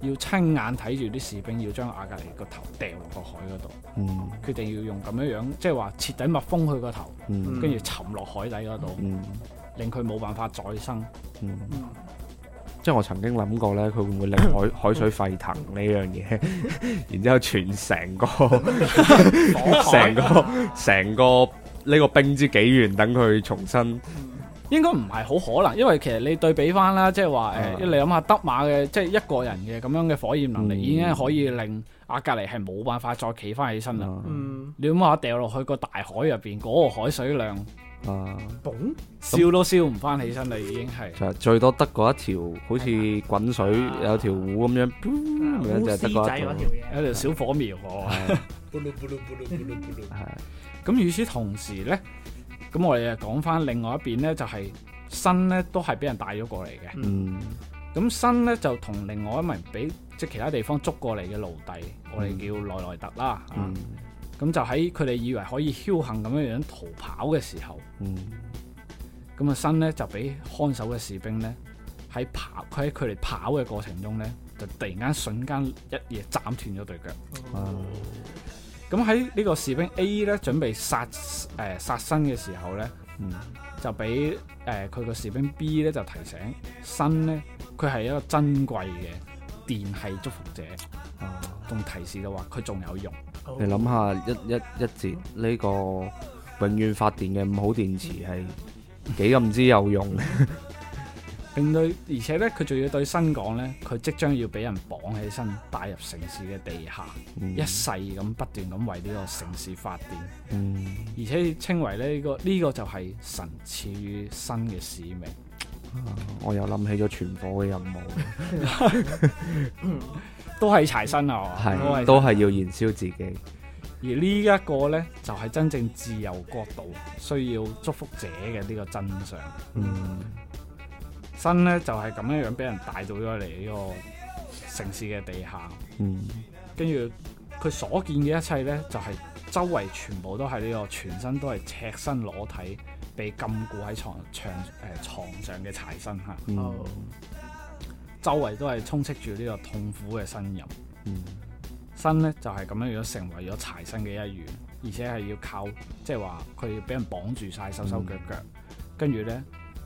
要親眼睇住啲士兵要將阿格尼個頭掟落個海嗰度，決定要用咁樣樣，即係話徹底密封佢個頭，跟住沉落海底嗰度，令佢冇辦法再生。即係我曾經諗過咧，佢會唔會令海海水沸騰呢樣嘢？然之後全成個成個成個呢個冰之紀元等佢重新。應該唔係好可能，因為其實你對比翻啦，即係話誒，你諗下德馬嘅即係一個人嘅咁樣嘅火焰能力，已經可以令阿格尼係冇辦法再企翻起身啦。嗯，你諗下掉落去個大海入邊，嗰個海水量，啊，boom，燒都燒唔翻起身，你已經係就係最多得嗰一條，好似滾水有條湖咁樣，有條小火苗，咁與此同時咧。咁我哋又講翻另外一邊咧，就係新咧都係俾人帶咗過嚟嘅。嗯，咁新咧就同另外一名俾即係其他地方捉過嚟嘅奴隸，嗯、我哋叫內內特啦。嗯，咁、啊、就喺佢哋以為可以僥倖咁樣樣逃跑嘅時候，嗯，咁啊新咧就俾看守嘅士兵咧喺跑，佢喺佢哋跑嘅過程中咧就突然間瞬間一夜斬斷咗對腳。嗯嗯。咁喺呢個士兵 A 咧準備殺誒殺身嘅時候咧，嗯就，就俾誒佢個士兵 B 咧就提醒，新咧佢係一個珍貴嘅電係祝福者，仲、哦、提示到話佢仲有用。你諗下一一一節呢、這個永遠發電嘅唔好電池係幾咁之有用？ (laughs) (laughs) 並對，而且咧，佢仲要對新港咧，佢即將要俾人綁起身，帶入城市嘅地下，嗯、一世咁不斷咁為呢個城市發電，嗯、而且稱為呢、這個呢、這個就係神賜予新嘅使命。我又諗起咗傳播嘅任務， (laughs) (laughs) 都係柴薪啊，係是都係要燃燒自己。而呢一個咧，就係、是、真正自由國度需要祝福者嘅呢個真相、嗯。身咧就係、是、咁樣樣俾人帶到咗嚟呢個城市嘅地下，跟住佢所見嘅一切咧就係、是、周圍全部都係呢、這個全身都係赤身裸體被禁錮喺床長誒床，呃、床上嘅柴身。吓、嗯，周圍都係充斥住呢個痛苦嘅呻吟，嗯、身咧就係咁樣樣成為咗柴身嘅一員，而且係要靠即係話佢要俾人綁住晒手手腳腳，跟住咧。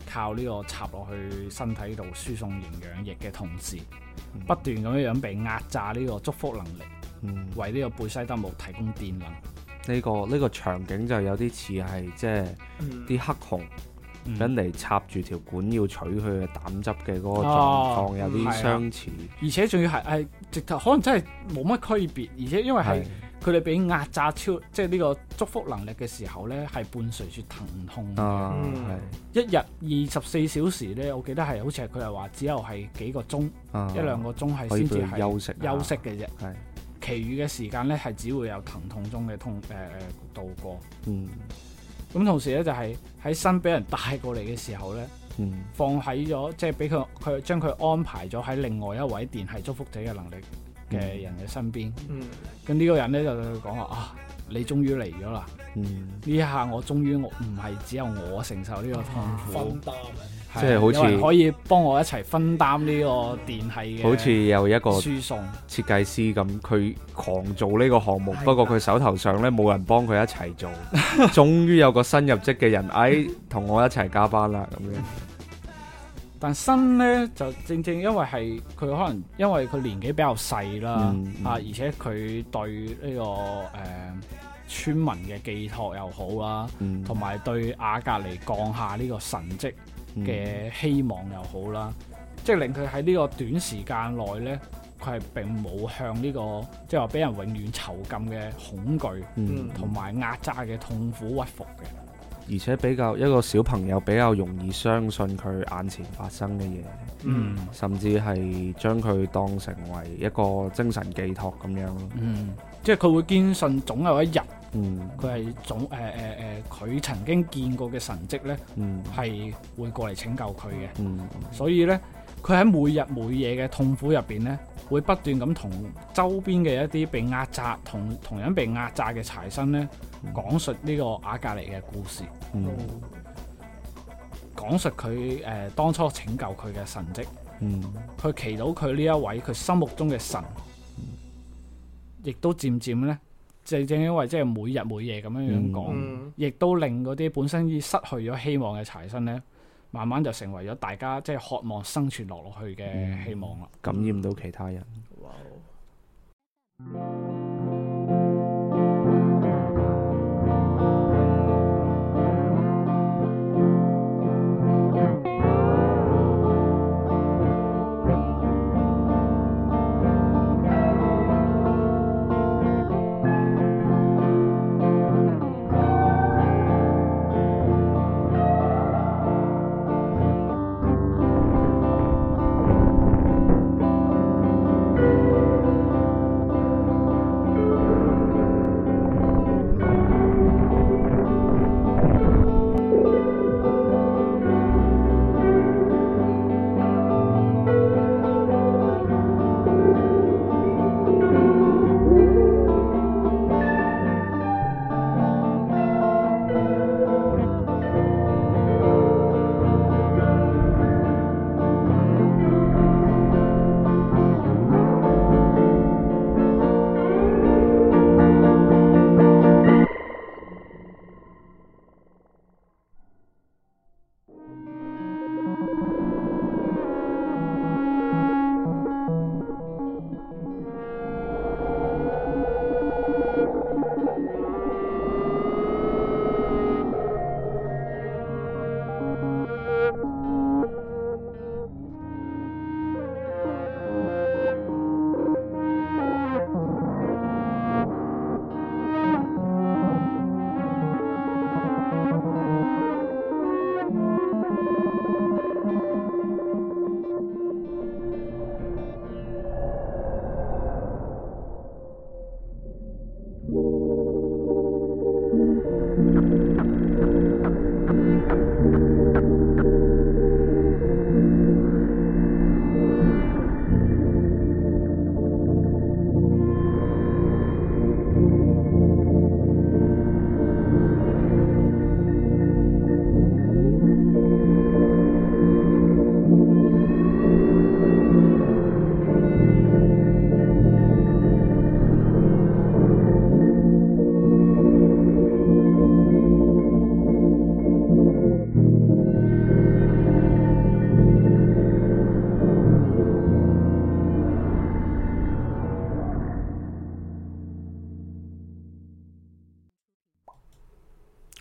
靠呢個插落去身體度輸送營養液嘅同時，嗯、不斷咁樣樣被壓榨呢個祝福能力，嗯、為呢個貝西德姆提供電能。呢、這個呢、這個場景就有啲似係即係啲、嗯、黑熊咁嚟插住條管要取佢嘅膽汁嘅嗰個狀況，有啲相似。而且仲要係係直頭可能真係冇乜區別，而且因為係。佢哋俾壓榨超，即係呢個祝福能力嘅時候咧，係伴隨住疼痛。啊，嗯、一日二十四小時咧，我記得係好似係佢係話只有係幾個鐘，啊、一兩個鐘係先至係休息嘅、啊、啫。係，是其餘嘅時間咧係只會有疼痛中嘅痛，誒、呃、誒度過。嗯，咁、嗯、同時咧就係喺新俾人帶過嚟嘅時候咧，嗯、放喺咗，即係俾佢佢將佢安排咗喺另外一位電器祝福者嘅能力嘅人嘅身邊，咁呢、嗯、個人咧就同佢講話：啊，你終於嚟咗啦！呢、嗯、一下我終於唔係只有我承受呢個痛苦，分擔，即係好似可以幫我一齊分擔呢個電器嘅，好似有一個輸送設計師咁。佢狂做呢個項目，的不過佢手頭上咧冇人幫佢一齊做， (laughs) 終於有個新入職嘅人唉，同我一齊加班啦咁樣。但新咧就正正因為係佢可能因為佢年紀比較細啦，嗯嗯、啊，而且佢對呢、這個誒、呃、村民嘅寄託又好啦，同埋、嗯、對阿格尼降下呢個神跡嘅希望又好啦，嗯、即係令佢喺呢個短時間內咧，佢係並冇向呢、這個即係話俾人永遠囚禁嘅恐懼，同埋、嗯嗯、壓榨嘅痛苦屈服嘅。而且比較一個小朋友比較容易相信佢眼前發生嘅嘢，嗯、甚至係將佢當成為一個精神寄託咁樣咯。嗯，即係佢會堅信總有一日，嗯，佢係總誒誒誒，佢、呃呃呃、曾經見過嘅神跡呢嗯，係會過嚟拯救佢嘅、嗯。嗯，所以呢，佢喺每日每夜嘅痛苦入邊呢，會不斷咁同周邊嘅一啲被壓榨同同樣被壓榨嘅財生呢，講述呢個阿格尼嘅故事，講、嗯、述佢誒、呃、當初拯救佢嘅神跡，嗯，佢祈禱佢呢一位佢心目中嘅神，亦、嗯、都漸漸呢，正正因為即係每日每夜咁樣樣講，亦、嗯、都令嗰啲本身已失去咗希望嘅柴身呢，慢慢就成為咗大家即係、就是、渴望生存落落去嘅希望啦、嗯，感染到其他人。Wow.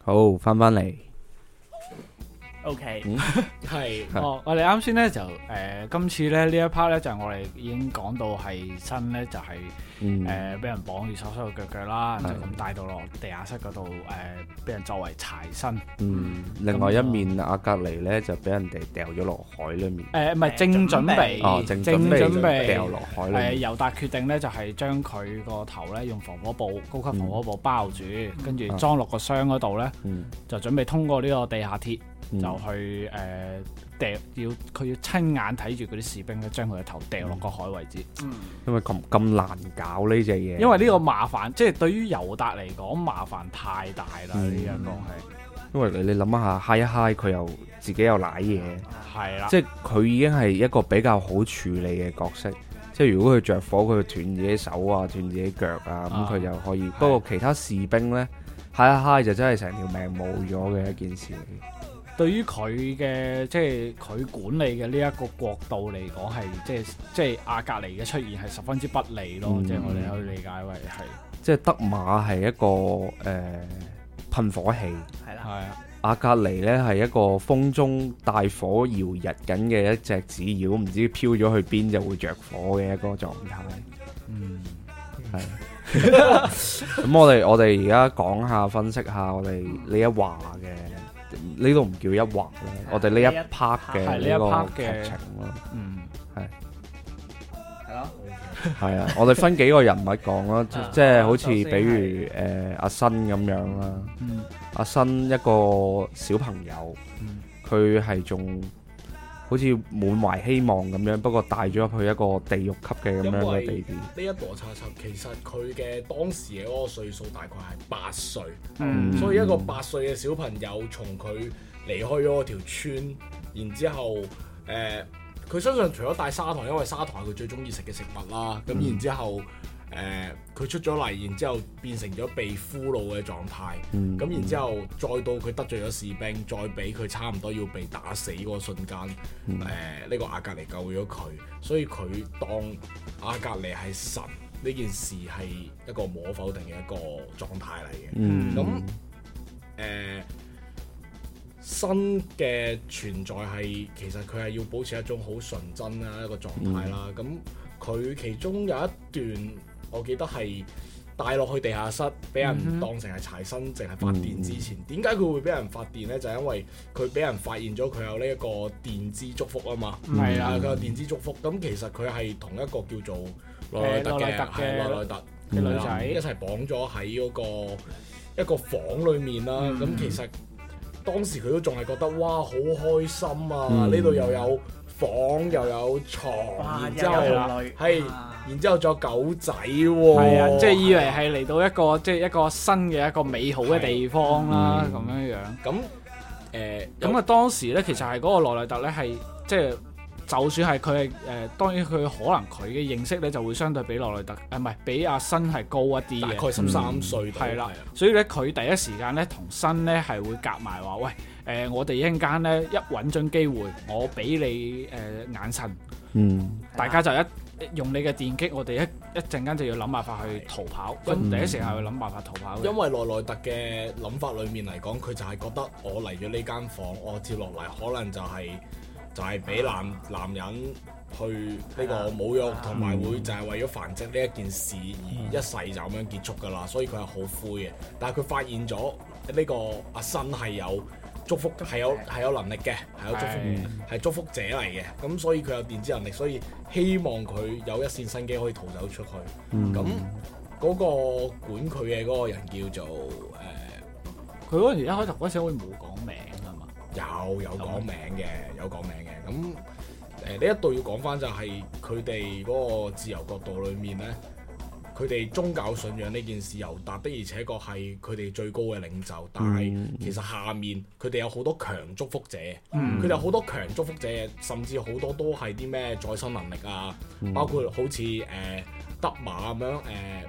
好，翻返嚟。OK。係，哦，我哋啱先咧就，誒，今次咧呢一 part 咧就我哋已經講到係新咧，就係誒俾人綁住手手腳腳啦，就咁帶到落地下室嗰度，誒俾人作為柴薪。嗯，另外一面啊隔籬咧就俾人哋掉咗落海裏面。誒，唔係，正準備，正準備掉落海咧。誒，油達決定咧就係將佢個頭咧用防火布，高級防火布包住，跟住裝落個箱嗰度咧，就準備通過呢個地下鐵就去。佢誒，掉、呃、要佢要親眼睇住佢啲士兵咧，將佢嘅頭掉落個海位置。嗯，因為咁咁難搞呢隻嘢。因為呢個麻煩，即係對於尤達嚟講，麻煩太大啦。呢樣嘢係，因為你你諗一下，嗯、嗨一嗨，佢又自己又舐嘢，係啦的，即係佢已經係一個比較好處理嘅角色。即、就、係、是、如果佢着火，佢斷自己手啊，斷自己腳啊，咁、嗯、佢、嗯、就可以。的不過其他士兵咧，嗨一嗨就真係成條命冇咗嘅一件事。嗯嗯對於佢嘅即係佢管理嘅呢一個國度嚟講，係即係即係阿格尼嘅出現係十分之不利咯，嗯、即係我哋可以理解為係即係德馬係一個誒、呃、噴火器，係啦，係啊，阿格尼咧係一個風中大火搖曳緊嘅一隻紙妖，唔知飄咗去邊就會着火嘅一個狀態。嗯，係。咁我哋我哋而家講下分析下我哋呢一話嘅。呢度唔叫一畫啦，我哋呢一 part 嘅呢個劇情咯，嗯，係，係咯，係啊，我哋分幾個人物講啦，即係好似比如誒阿新咁樣啦，嗯，阿新一個小朋友，佢係仲。好似滿懷希望咁樣，不過帶咗入去一個地獄級嘅咁樣嘅地點。呢一幕插插，其實佢嘅當時嘅嗰個歲數大概係八歲，嗯、所以一個八歲嘅小朋友從佢離開咗個條村，然之後，誒、呃，佢身上除咗帶砂糖，因為砂糖係佢最中意食嘅食物啦，咁然之後。嗯誒，佢、呃、出咗嚟，然之後變成咗被俘虜嘅狀態。咁、嗯、然之後，再到佢得罪咗士兵，再俾佢差唔多要被打死嗰瞬間。誒、嗯，呢、呃這個阿格尼救咗佢，所以佢當阿格尼係神呢件事係一個冇否定嘅一個狀態嚟嘅。咁誒、嗯呃，新嘅存在係其實佢係要保持一種好純真嘅一個狀態啦。咁佢、嗯、其中有一段。我記得係帶落去地下室，俾人當成係柴薪，淨係、嗯、哼發電之前，點解佢會俾人發電呢？就因為佢俾人發現咗佢有呢一個電子祝福啊嘛。係啊，佢有電子祝福。咁其實佢係同一個叫做奈特嘅奈特嘅女仔、嗯、哼一齊綁咗喺嗰個一個房裡面啦。咁其實當時佢都仲係覺得哇，好開心啊！呢度、嗯、哼又有。房又有床，然之後啦，係，然之後仲有狗仔喎，係啊，即係以為係嚟到一個即係一個新嘅一個美好嘅地方啦，咁樣樣。咁誒，咁啊當時咧，其實係嗰個羅萊特咧係即係，就算係佢誒，當然佢可能佢嘅認識咧就會相對比羅萊特誒，唔係比阿新係高一啲嘅，大概十三歲，係啦。所以咧，佢第一時間咧同新咧係會夾埋話喂。誒、呃，我哋一陣間咧，一揾準機會，我俾你誒、呃、眼神，嗯，大家就一用你嘅電擊，我哋一一陣間就要諗辦法去逃跑。嗯、第一時間去諗辦法逃跑。因為萊萊特嘅諗法裡面嚟講，佢就係覺得我嚟咗呢間房，我接落嚟可能就係、是、就係、是、俾男、啊、男人去呢個侮辱，同埋、啊、會就係為咗繁殖呢一件事而一世就咁樣結束㗎啦。嗯、所以佢係好灰嘅。但係佢發現咗呢個阿新係有。祝福係有係有能力嘅，係有祝福，係是祝福者嚟嘅。咁所以佢有電子能力，所以希望佢有一線生機可以逃走出去。咁嗰、嗯嗰個管佢嘅嗰個人叫做誒，佢嗰陣時一開頭嗰陣時好似冇講名㗎嘛吧，有有講名嘅，有講名嘅。咁誒呢一度要講翻就係佢哋嗰個自由角度裏面咧。佢哋宗教信仰呢件事由達的，而且確係佢哋最高嘅領袖。但係其實下面佢哋有好多強祝福者，佢哋、嗯、有好多強祝福者，甚至好多都係啲咩再生能力啊，包括好似誒、呃、德馬咁樣。誒、呃。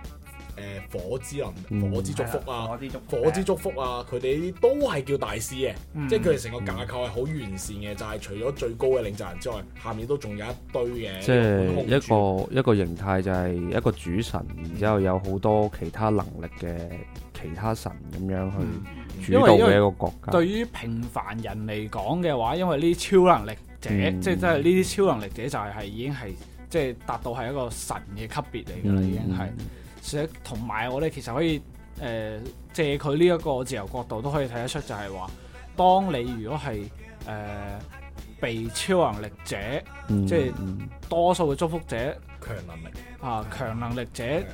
誒火之林、嗯、火之祝福啊、火之祝福啊，佢哋啲都係叫大師嘅，嗯、即係佢哋成個架構係好完善嘅。嗯、就係除咗最高嘅領袖人之外，下面都仲有一堆嘅。即係一個主一個形態就係一個主神，然之後有好多其他能力嘅其他神咁樣去主導嘅一個國家。因為因為對於平凡人嚟講嘅話，因為呢啲超能力者，即係即係呢啲超能力者就係係已經係即係達到係一個神嘅級別嚟㗎啦，已經係。嗯同埋我哋其實可以誒、呃、借佢呢一個自由角度都可以睇得出，就係話，當你如果係誒、呃、被超能力者，嗯、即係多數嘅祝福者，強能力啊，強能力者、嗯、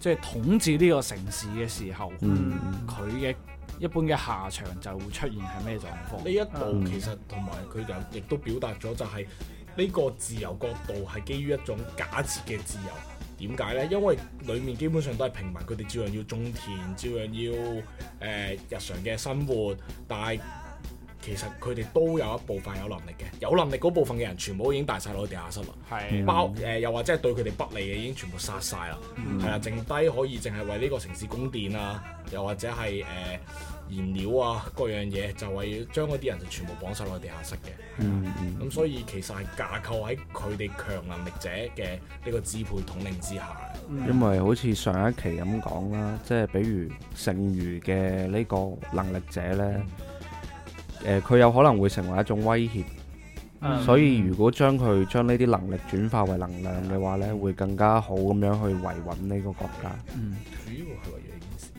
即係統治呢個城市嘅時候，佢嘅、嗯、一般嘅下場就會出現係咩狀況？呢一度其實同埋佢又亦都表達咗，就係呢個自由角度係基於一種假設嘅自由。點解呢？因為裡面基本上都係平民，佢哋照樣要種田，照樣要誒、呃、日常嘅生活。但係其實佢哋都有一部分有能力嘅，有能力嗰部分嘅人，全部已經帶晒落去地下室啦。嗯、包、呃、又或者係對佢哋不利嘅，已經全部殺晒啦。係、嗯、啊，剩低可以淨係為呢個城市供電啊，又或者係誒、呃燃料啊，各樣嘢就係、是、要將嗰啲人就全部綁晒落地下室嘅、嗯。嗯，咁所以其實係架構喺佢哋強能力者嘅呢個支配統領之下。因為好似上一期咁講啦，即係比如剩餘嘅呢個能力者咧，誒、呃、佢有可能會成為一種威脅。嗯、所以如果將佢將呢啲能力轉化為能量嘅話咧，會更加好咁樣去維穩呢個國家。嗯。主要係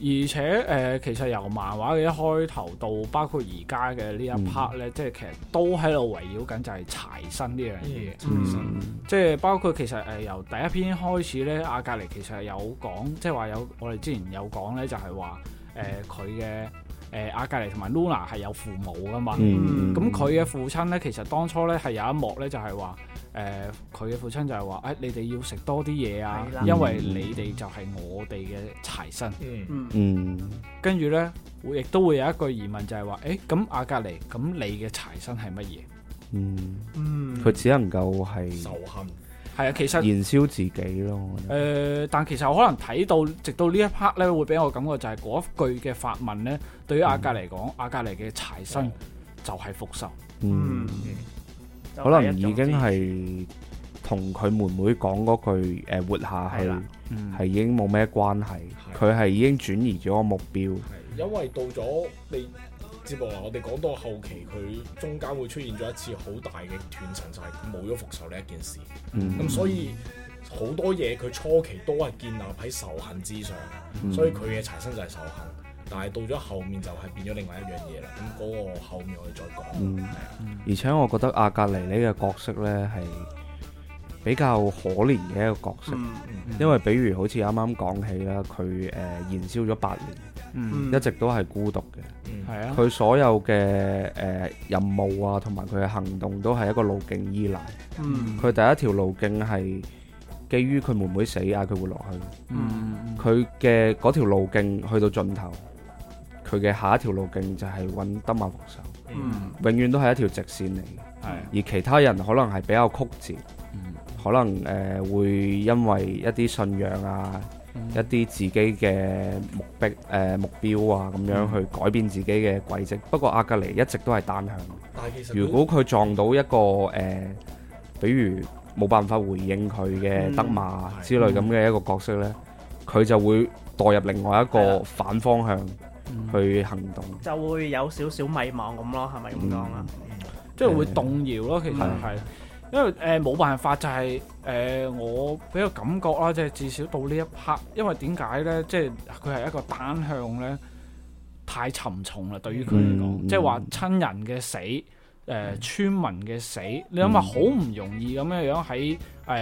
而且誒、呃，其實由漫畫嘅一開頭到包括而家嘅呢一 part 咧，嗯、即係其實都喺度圍繞緊就係「柴身」呢樣嘢。即係包括其實誒、呃，由第一篇開始咧，阿隔籬其實有講，即係話有我哋之前有講咧，就係話誒佢嘅。誒、呃、阿格尼同埋 Luna 係有父母噶嘛？咁佢嘅父親咧，其實當初咧係有一幕咧，就係話誒佢嘅父親就係話：誒、哎、你哋要食多啲嘢啊，的因為你哋就係我哋嘅柴薪。」嗯，跟住咧會亦都會有一個疑問就，就係話：誒咁阿格尼，咁你嘅柴薪係乜嘢？嗯，佢、嗯、只能夠係仇恨。係啊，其實燃燒自己咯。誒、呃，但其實我可能睇到，直到一呢一 part 咧，會俾我感覺就係嗰一句嘅發問咧，對於阿格嚟講，嗯、阿格嚟嘅柴薪就」就係復仇。嗯，嗯可能已經係同佢妹妹講嗰句誒、呃、活下去，係、嗯、已經冇咩關係。佢係的已經轉移咗個目標。因為到咗你。我哋講到後期，佢中間會出現咗一次好大嘅斷層，就係冇咗復仇呢一件事。咁、嗯嗯、所以好多嘢佢初期都係建立喺仇恨之上嘅，所以佢嘅產生就係仇恨。但係到咗後面就係變咗另外一樣嘢啦。咁嗰個後面我哋再講、嗯。嗯，而且我覺得阿格尼呢個角色咧係。比較可憐嘅一個角色，嗯嗯、因為比如好似啱啱講起啦，佢誒、呃、燃燒咗八年，嗯、一直都係孤獨嘅。佢、嗯、所有嘅誒、呃、任務啊，同埋佢嘅行動都係一個路徑依賴。佢、嗯、第一條路徑係基於佢妹妹死嗌佢會落去。佢嘅嗰條路徑去到盡頭，佢嘅下一條路徑就係揾德馬復仇。嗯嗯、永遠都係一條直線嚟嘅。而其他人可能係比較曲折。可能誒、呃、會因為一啲信仰啊，嗯、一啲自己嘅目、呃、目標啊，咁樣去改變自己嘅軌跡。嗯、不過阿格尼一直都係單向。如果佢撞到一個誒、呃，比如冇辦法回應佢嘅德馬之類咁嘅一個角色呢，佢、嗯、就會墮入另外一個反方向去行動，嗯、就會有少少迷茫咁咯，係咪咁講啊？即係會動搖咯，其實係、嗯。嗯。因為誒冇、呃、辦法就係、是、誒、呃、我俾個感覺啦，即係至少到呢一刻，因為點解咧？即係佢係一個單向咧，太沉重啦，對於佢嚟講，嗯、即係話親人嘅死，誒、呃、村民嘅死，嗯、你諗下好唔容易咁樣樣喺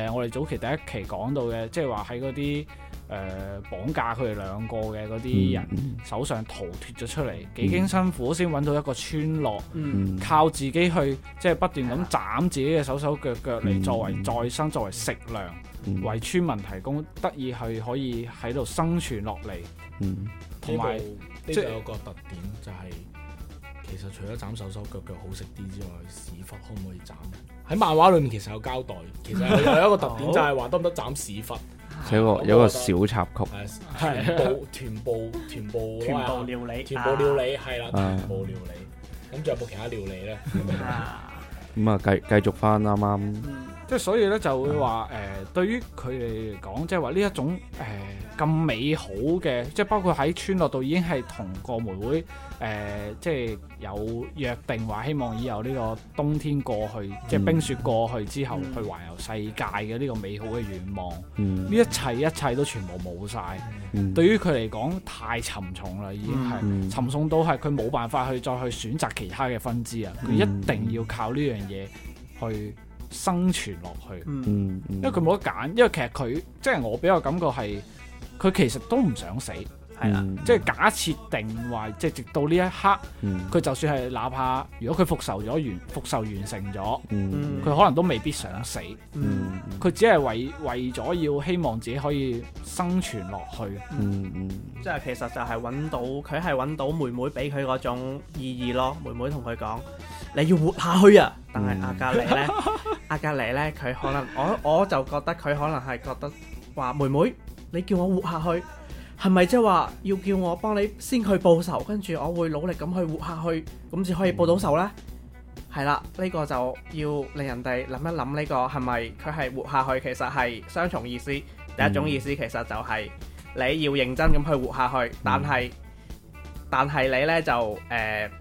誒我哋早期第一期講到嘅，即係話喺嗰啲。誒、呃、綁架佢哋兩個嘅嗰啲人手上逃脫咗出嚟，幾、嗯、經辛苦先揾、嗯、到一個村落，嗯、靠自己去即係不斷咁斬，斬自己嘅手手腳腳嚟、嗯、作為再生，作為食糧，嗯、為村民提供得以去可以喺度生存落嚟。同埋呢個有個特點就係、是就是、其實除咗斬手手腳腳好食啲之外，屎忽可唔可以斬？喺漫畫裏面其實有交代，其實有一個特點就係話得唔得斬屎忽？ (laughs) (laughs) 一個一個小插曲，係全部全部全部料理，全部料理係啦，全部料理。咁仲有冇其他料理咧？咁啊，繼繼續翻啱啱。即係所以咧就會話誒對於佢哋嚟講，即係話呢一種誒咁、呃、美好嘅，即係包括喺村落度已經係同個妹妹誒，即、呃、係、就是、有約定話希望以後呢個冬天過去，即係、嗯、冰雪過去之後、嗯、去環遊世界嘅呢個美好嘅願望。呢、嗯、一切一切都全部冇晒。嗯、對於佢嚟講太沉重啦，已經係沉重到係佢冇辦法去再去選擇其他嘅分支啊！佢、嗯、一定要靠呢樣嘢去生存落去，嗯嗯、因為佢冇得揀，因為其實佢，即係我俾我感覺係，佢其實都唔想死。係啦、嗯，即係假設定為，即係直到呢一刻，佢、嗯、就算係哪怕如果佢復仇咗完，復仇完成咗，佢、嗯、可能都未必想死。佢、嗯、只係為為咗要希望自己可以生存落去。嗯嗯、即係其實就係搵到佢係搵到妹妹俾佢嗰種意義咯。妹妹同佢講：你要活下去啊！但係阿、啊、格籬咧，阿、嗯 (laughs) 啊、格籬咧，佢可能我我就覺得佢可能係覺得話：妹，妹妹，你叫我活下去。係咪即係話要叫我幫你先去報仇，跟住我會努力咁去活下去，咁至可以報到仇呢？係啦、嗯，呢、這個就要令人哋諗一諗呢、這個係咪佢係活下去，其實係雙重意思。嗯、第一種意思其實就係你要認真咁去活下去，嗯、但係但係你呢就誒、呃、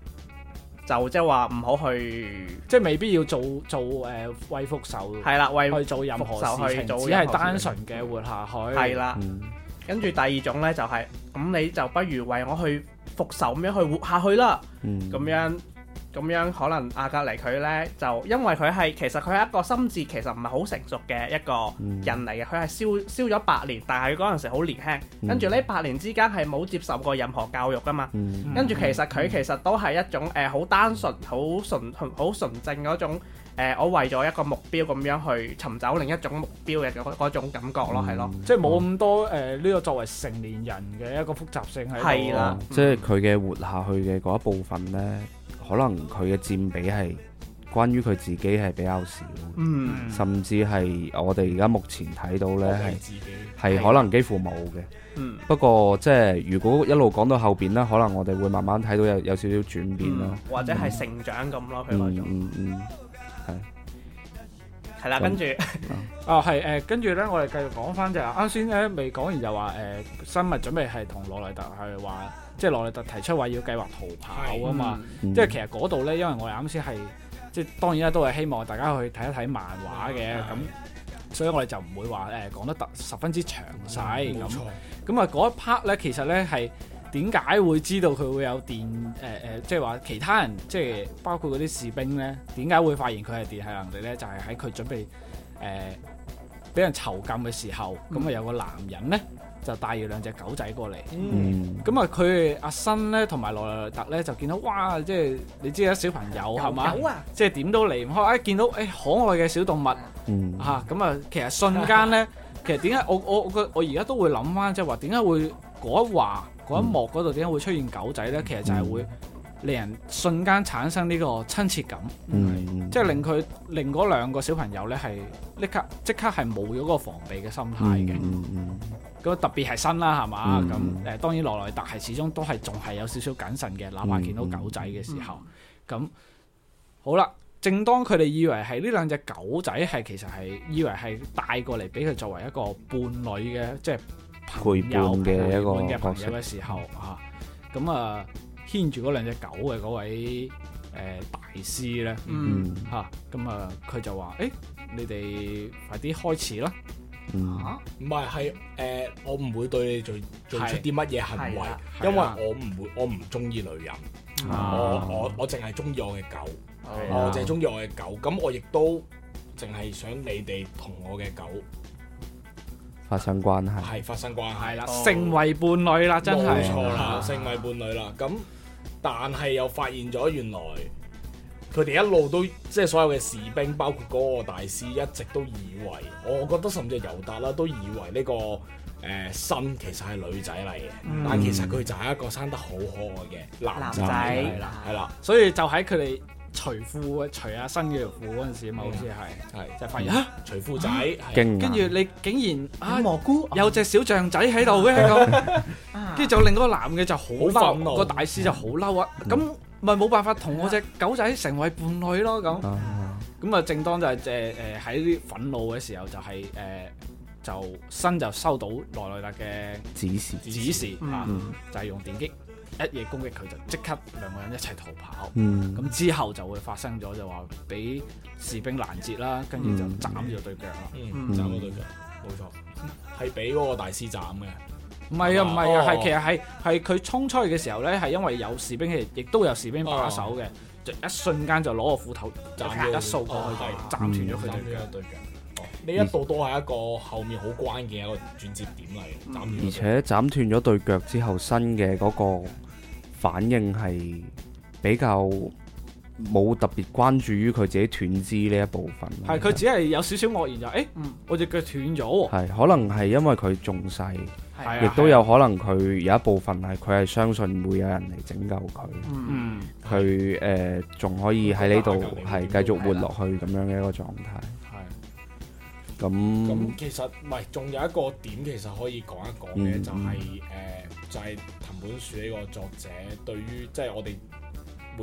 就即係話唔好去，即係未必要做做誒、呃、為復仇，係啦為做任何事情，手去做事情只係單純嘅活下去。係啦、嗯。嗯跟住第二種呢，就係、是、咁、嗯、你就不如為我去復仇咁樣去活下去啦。咁、嗯、樣咁樣可能阿格離佢呢，就因為佢係其實佢係一個心智其實唔係好成熟嘅一個人嚟嘅。佢係燒燒咗八年，但係佢嗰陣時好年輕。跟住呢、嗯、八年之間係冇接受過任何教育噶嘛。嗯、跟住其實佢其實都係一種誒好、呃、單純、好純好純正嗰種。誒、呃，我為咗一個目標咁樣去尋找另一種目標嘅嗰種感覺咯，係、嗯、咯，即係冇咁多誒呢個作為成年人嘅一個複雜性係，即係佢嘅活下去嘅嗰一部分呢，可能佢嘅佔比係關於佢自己係比較少，嗯，甚至係我哋而家目前睇到呢，係可能幾乎冇嘅，嗯、不過即係如果一路講到後邊呢，可能我哋會慢慢睇到有有少少轉變咯、嗯，或者係成長咁咯、嗯嗯，嗯係，係啦，跟住、嗯，哦、 (laughs) 啊，係，誒、呃，跟住咧，我哋繼續講翻就係，啱先咧未講完就話，誒、呃，新密準備係同羅立特係話，即係羅立特提出話要計劃逃跑啊嘛，嗯嗯、即係其實嗰度咧，因為我哋啱先係，即係當然咧都係希望大家去睇一睇漫畫嘅，咁，所以我哋就唔會話，誒、呃，講得特十分之詳細，咁、嗯，咁啊嗰一 part 咧，其實咧係。點解會知道佢會有電？誒、呃、誒，即係話其他人，即、就、係、是、包括嗰啲士兵咧，點解會發現佢係電系能力咧？就係喺佢準備誒俾、呃、人囚禁嘅時候，咁啊、嗯、有個男人咧就帶住兩隻狗仔過嚟。嗯，咁啊、嗯，佢阿新咧同埋萊萊特咧就見到，哇！即、就、係、是、你知啊，小朋友係嘛？即係點都離唔開一見到誒、哎、可愛嘅小動物嚇咁、嗯、啊。其實瞬間咧，其實點解我我我個我而家都會諗返，即係話點解會嗰一話。嗰一幕嗰度點解會出現狗仔呢？其實就係會令人瞬間產生呢個親切感，即係、嗯、令佢令嗰兩個小朋友呢係立刻即刻係冇咗嗰個防備嘅心態嘅。咁、嗯嗯嗯、特別係新啦，係嘛？咁誒、嗯呃、當然羅萊特係始終都係仲係有少少謹慎嘅，哪怕見到狗仔嘅時候。咁、嗯嗯、好啦，正當佢哋以為係呢兩隻狗仔係其實係以為係帶過嚟俾佢作為一個伴侶嘅，即係。陪伴嘅一個朋友嘅時候，嚇咁啊牽住嗰兩隻狗嘅嗰位誒大師咧，嚇咁啊佢就話：誒你哋快啲開始啦！嚇唔係係誒我唔會對你做做出啲乜嘢行為，因為我唔會我唔中意女人，我我我淨係中意我嘅狗，我淨係中意我嘅狗，咁我亦都淨係想你哋同我嘅狗。發生關係係發生關係啦，oh, 成為伴侶啦，真係冇錯啦，啊、成為伴侶啦。咁但係又發現咗，原來佢哋一路都即係、就是、所有嘅士兵，包括嗰個大師，一直都以為，我覺得甚至尤達啦，都以為呢、這個誒心、呃、其實係女仔嚟嘅，嗯、但係其實佢就係一個生得好可愛嘅男仔，係、啊、啦，所以就喺佢哋。除褲啊，除啊新嘅褲嗰陣時嘛，好似係，即係發現嚇，除褲仔，跟住你竟然啊蘑菇有隻小象仔喺度嘅，咁，跟住就令嗰個男嘅就好憤怒，個大師就好嬲啊，咁咪冇辦法同我隻狗仔成為伴侶咯，咁，咁啊，正當就係誒誒喺啲憤怒嘅時候，就係誒就新就收到內裏特嘅指示指示啊，就係用電擊。一夜攻擊佢就即刻兩個人一齊逃跑。咁之後就會發生咗，就話俾士兵攔截啦，跟住就斬咗對腳啦。斬咗對腳，冇錯，係俾嗰個大師斬嘅。唔係啊，唔係啊，係其實係係佢衝出去嘅時候咧，係因為有士兵，亦都有士兵把守嘅。就一瞬間就攞個斧頭就一掃過去，斬斷咗佢對腳對腳。呢一度都係一個後面好關鍵一個轉折點嚟。而且斬斷咗對腳之後，新嘅嗰個。反應係比較冇特別關注於佢自己斷肢呢一部分。係佢、就是、只係有少少愕然就，誒、欸，嗯、我隻腳斷咗喎。可能係因為佢仲細，亦、啊、都有可能佢有一部分係佢係相信會有人嚟拯救佢。嗯，佢誒仲可以喺呢度係繼續活落去咁樣嘅一個狀態。咁咁、嗯、其實唔係，仲有一個點其實可以講一講嘅、嗯嗯就係呃，就係誒，就係藤本樹呢個作者對於即係、就係、我哋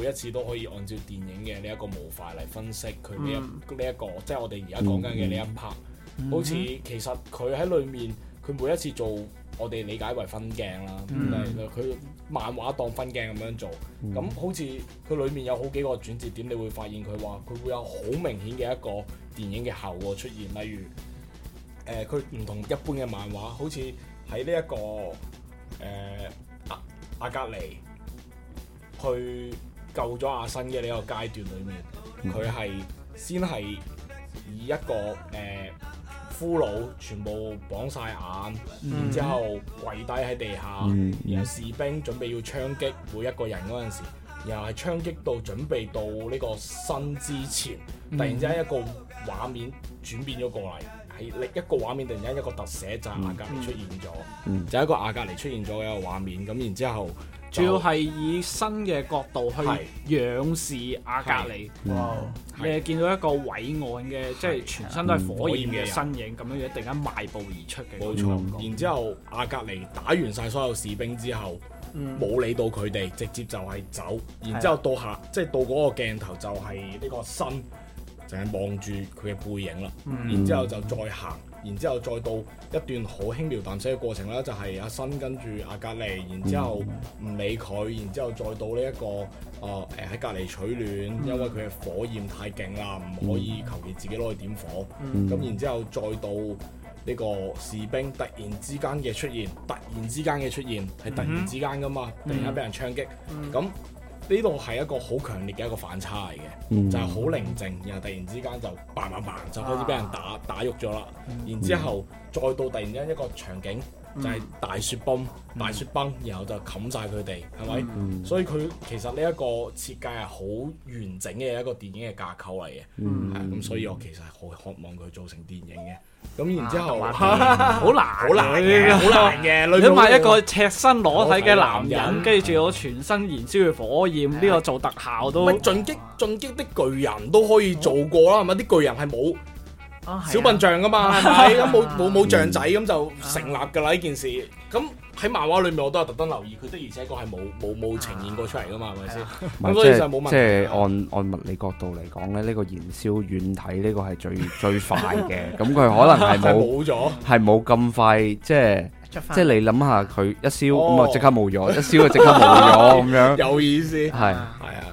每一次都可以按照電影嘅呢一個模塊嚟分析佢呢一呢一個，即係、嗯呢個就係、我哋而家講緊嘅呢一 part，嗯嗯、好似其實佢喺裏面佢每一次做我哋理解為分鏡啦，嗯、但係佢。漫畫當分鏡咁樣做，咁、嗯、好似佢裏面有好幾個轉折點，你會發現佢話佢會有好明顯嘅一個電影嘅效果出現。例如，誒佢唔同一般嘅漫畫，好似喺呢一個誒、呃、阿阿格尼去救咗阿新嘅呢個階段裏面，佢係、嗯、先係以一個誒。呃俘虜全部綁晒眼，嗯、然之後跪低喺地下，嗯、然後士兵準備要槍擊每一個人嗰陣時，又係槍擊到準備到呢個身之前，突然之間一個畫面轉變咗過嚟。係另一個畫面突然間一個特寫就係阿格尼出現咗，就係一個阿格尼出現咗嘅畫面。咁然之後，主要係以新嘅角度去仰視阿格尼。哇！你係見到一個偉岸嘅，即係全身都係火焰嘅身影咁樣樣，突然間邁步而出嘅。冇錯。然之後，阿格尼打完晒所有士兵之後，冇理到佢哋，直接就係走。然之後到下，即係到嗰個鏡頭就係呢個新。望住佢嘅背影啦，嗯、然之後就再行，然之後再到一段好輕描淡寫嘅過程啦，就係、是、阿新跟住阿、啊、隔離，然之後唔理佢，然之後再到呢、這、一個，啊、呃、喺隔離取暖，因為佢嘅火焰太勁啦，唔可以求其自己攞去點火，咁、嗯、然之後再到呢個士兵突然之間嘅出現，突然之間嘅出現係突然之間噶嘛，嗯、突然間俾人槍擊咁。嗯呢度係一個好強烈嘅一個反差嚟嘅，嗯、就係好寧靜，然後突然之間就嘭嘭嘭，就開始俾人打哇打喐咗啦，然之後再到突然間一個場景。就係大雪崩，大雪崩，然後就冚晒佢哋，係咪？所以佢其實呢一個設計係好完整嘅一個電影嘅架構嚟嘅，咁所以我其實係好渴望佢做成電影嘅。咁然之後，好難，好難好難嘅。如果買一個赤身裸體嘅男人，跟住仲有全身燃燒嘅火焰，呢個做特效都進擊進擊的巨人都可以做過啦，係咪？啲巨人係冇。小笨象噶嘛，係咪？咁冇冇冇象仔，咁就成立噶啦呢件事。咁喺漫畫裏面，我都係特登留意，佢的而且確係冇冇冇呈現過出嚟噶嘛，係咪先？咁所以就冇問題。即係按按物理角度嚟講咧，呢個燃燒軟體呢個係最最快嘅。咁佢可能係冇冇咗，係冇咁快，即係即係你諗下佢一燒，唔係即刻冇咗，一燒就即刻冇咗咁樣。有意思。係。係啊。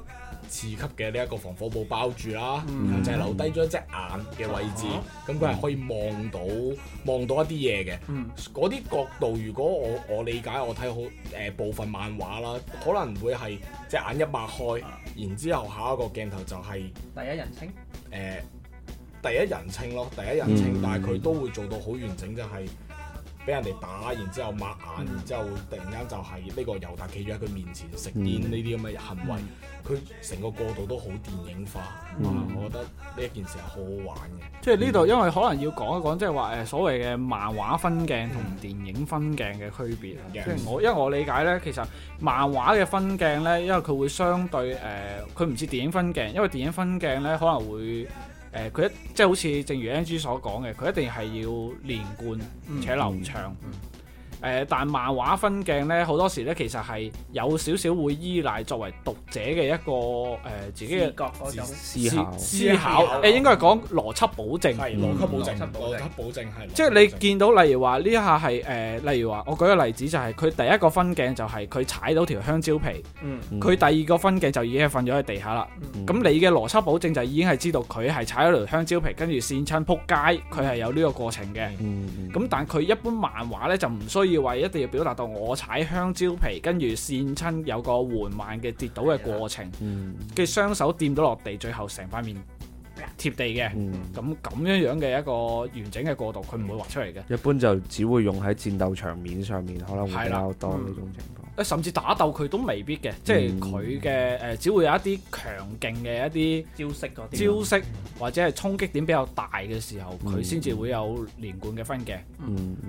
次級嘅呢一個防火布包住啦，嗯、然後就係留低咗一隻眼嘅位置，咁佢係可以望到望、嗯、到一啲嘢嘅。嗰啲、嗯、角度，如果我我理解，我睇好誒、呃、部分漫畫啦，可能會係隻眼一擘開，然之後下一個鏡頭就係、是、第一人稱。誒、呃，第一人稱咯，第一人稱，嗯、但係佢都會做到好完整就係、是。俾人哋打，然之後抹眼，嗯、然之後突然間就係呢個尤達企咗喺佢面前食煙呢啲咁嘅行為，佢成、嗯、個過度都好電影化，啊、嗯，嗯、我覺得呢一件事係好好玩嘅。即係呢度，因為可能要講一講，即係話誒所謂嘅漫畫分鏡同電影分鏡嘅區別。嗯、即係我，因為我理解咧，其實漫畫嘅分鏡咧，因為佢會相對誒，佢唔似電影分鏡，因為電影分鏡咧可能會。誒佢、呃、一即係好似正如 NG 所講嘅，佢一定係要連貫且流暢。嗯嗯嗯誒，但係漫畫分鏡呢，好多時呢，其實係有少少會依賴作為讀者嘅一個誒自己嘅思考思考。誒，應該係講邏輯保證。係邏輯保證。邏輯保證係。即係你見到，例如話呢下係誒，例如話我舉個例子就係佢第一個分鏡就係佢踩到條香蕉皮。佢第二個分鏡就已經係瞓咗喺地下啦。咁你嘅邏輯保證就已經係知道佢係踩咗條香蕉皮，跟住跣親撲街，佢係有呢個過程嘅。嗯。咁但佢一般漫畫呢，就唔需要。要話一定要表達到我踩香蕉皮，跟住跣親有個緩慢嘅跌倒嘅過程，嗯、嘅雙手掂到落地，最後成塊面。貼地嘅，咁咁、嗯、樣這樣嘅一個完整嘅過渡，佢唔會畫出嚟嘅。一般就只會用喺戰鬥場面上面，可能會比較多呢種情況。誒，嗯、甚至打鬥佢都未必嘅，即係佢嘅誒，只會有一啲強勁嘅一啲招式嗰啲招式，或者係衝擊點比較大嘅時候，佢先至會有連貫嘅分鏡。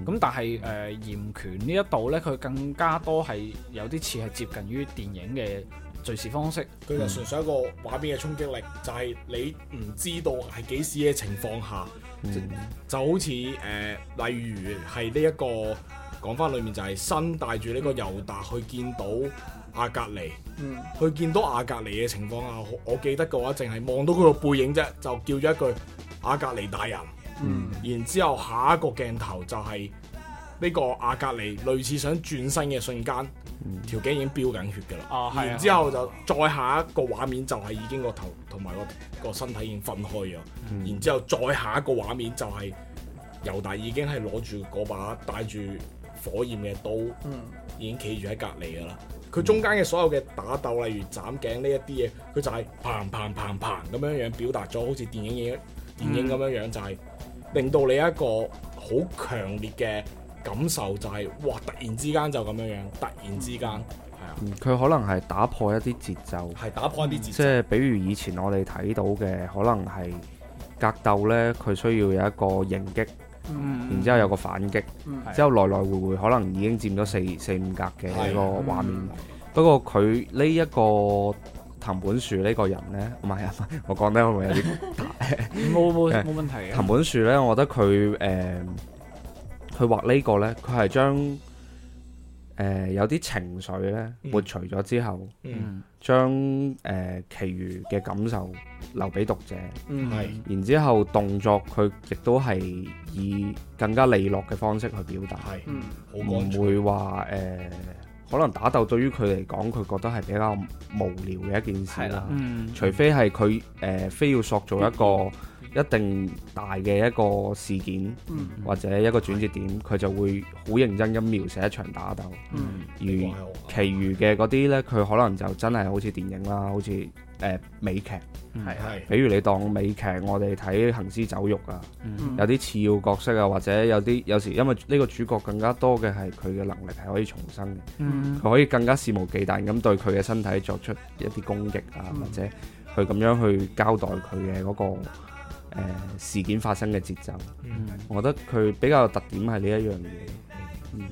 咁但係誒，嚴、呃、權呢一度咧，佢更加多係有啲似係接近於電影嘅。敘事方式，佢就純粹一個畫面嘅衝擊力，嗯、就係你唔知道係幾時嘅情況下，嗯、就好似誒、呃，例如係呢一個講翻裏面就係新帶住呢個尤達去見到阿格尼，嗯、去見到阿格尼嘅情況下，我記得嘅話淨係望到佢個背影啫，就叫咗一句阿格尼大人，嗯、然之後下一個鏡頭就係呢個阿格尼類似想轉身嘅瞬間。條頸已經飆緊血㗎喇，啊啊、然之後就再下一個畫面就係已經頭個頭同埋個個身體已經分開咗，嗯、然之後再下一個畫面就係猶大已經係攞住嗰把帶住火焰嘅刀，已經企住喺隔籬㗎喇。佢、嗯、中間嘅所有嘅打鬥，例如斬頸呢一啲嘢，佢就係「嘭、嘭、嘭、嘭」咁樣樣表達咗，好似電影影電影咁樣樣，嗯、就係令到你一個好強烈嘅。感受就係、是，哇！突然之間就咁樣樣，突然之間，係啊，佢可能係打破一啲節奏，係打破一啲節奏，即係比如以前我哋睇到嘅，可能係格鬥呢，佢需要有一個迎擊，嗯、然之後有個反擊，之、嗯、後來來回回可能已經佔咗四四五格嘅一個畫、啊、面。嗯、不過佢呢一個藤本樹呢個人呢，唔係啊，我講得會唔會有啲大？冇冇冇問題嘅。藤本樹呢，我覺得佢誒。呃嗯佢畫呢個呢，佢係將誒有啲情緒呢、嗯、抹除咗之後，將誒、嗯呃、其餘嘅感受留俾讀者，係、嗯，然後之後動作佢亦都係以更加利落嘅方式去表達，我唔、嗯嗯、會話誒。呃可能打鬥對於佢嚟講，佢覺得係比較無聊嘅一件事啦。嗯、除非係佢誒非要塑造一個一定大嘅一個事件，嗯、或者一個轉折點，佢的就會好認真咁描寫一場打鬥。嗯、而其餘嘅嗰啲呢，佢可能就真係好似電影啦，好似。誒、呃、美劇，係係，比如你當美劇，我哋睇《行屍走肉》啊，嗯、有啲次要角色啊，或者有啲有時因為呢個主角更加多嘅係佢嘅能力係可以重生嘅，佢、嗯、可以更加肆無忌憚咁對佢嘅身體作出一啲攻擊啊，嗯、或者佢咁樣去交代佢嘅嗰個、呃、事件發生嘅節奏，嗯、我覺得佢比較有特點係呢一樣嘢。嗯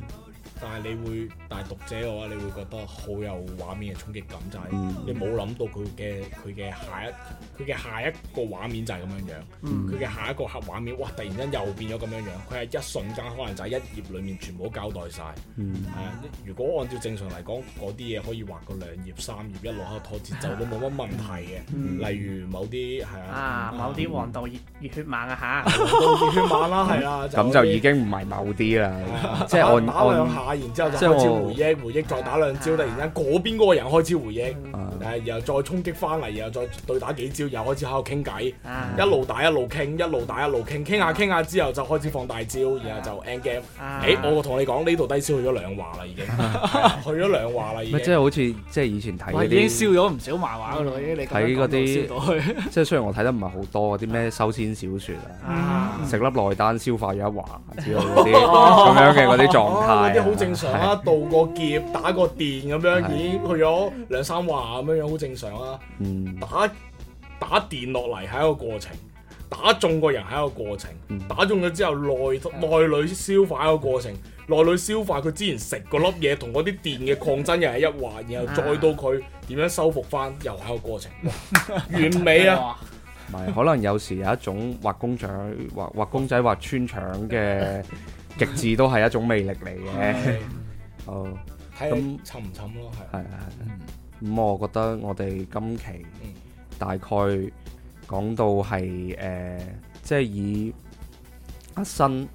但係你會，但係讀者嘅話，你會覺得好有畫面嘅衝擊感，就係、是、你冇諗到佢嘅佢嘅下一佢嘅下一個畫面就係咁樣樣，佢嘅、嗯、下一個黑畫面，哇！突然間又變咗咁樣樣，佢係一瞬間可能就係一頁裡面全部交代晒。係、嗯、啊，如果按照正常嚟講，嗰啲嘢可以畫個兩頁、三頁一路一套節奏都冇乜問題嘅。啊、例如某啲係啊，啊某啲黃道熱血猛啊嚇，啊 (laughs) 啊熱血猛啦係啦。咁 (laughs) 就， (laughs) 就已經唔係某啲啦，即係 (laughs) 按 (laughs) 打兩下。然之後就開始回憶，回憶再打兩招，突然間嗰邊嗰個人開始回憶，誒，然後再衝擊翻嚟，然後再對打幾招，又開始喺度傾偈，一路打一路傾，一路打一路傾，傾下傾下之後就開始放大招，然後就 end game。誒，我同你講呢度低燒去咗兩話啦，已經去咗兩話啦。咩？即係好似即係以前睇嗰啲，燒咗唔少漫畫噶啦已經。睇嗰啲，即係雖然我睇得唔係好多嗰啲咩修仙小說啊，食粒內丹消化咗一話之後嗰啲咁樣嘅啲狀態。正常啦，啊，渡個劫打個電咁樣，已經去咗兩三話咁樣，好正常啦，啊嗯。打打電落嚟係一個過程，打中個人係一個過程，嗯、打中咗之後內、嗯、內裏消化一個過程，嗯、內裏消化佢之前食嗰粒嘢同嗰啲電嘅抗爭又係一環，然後再到佢點樣修復翻又係一個過程，啊、完美啊！唔 (laughs) 話 (laughs) 可能有時有一種畫公仔、畫畫公仔畫穿腸嘅。 (laughs) 極致都係一種魅力嚟嘅，哦，咁沉唔沉咯？係啊，咁我覺得我哋今期大概講到係誒，即係以阿新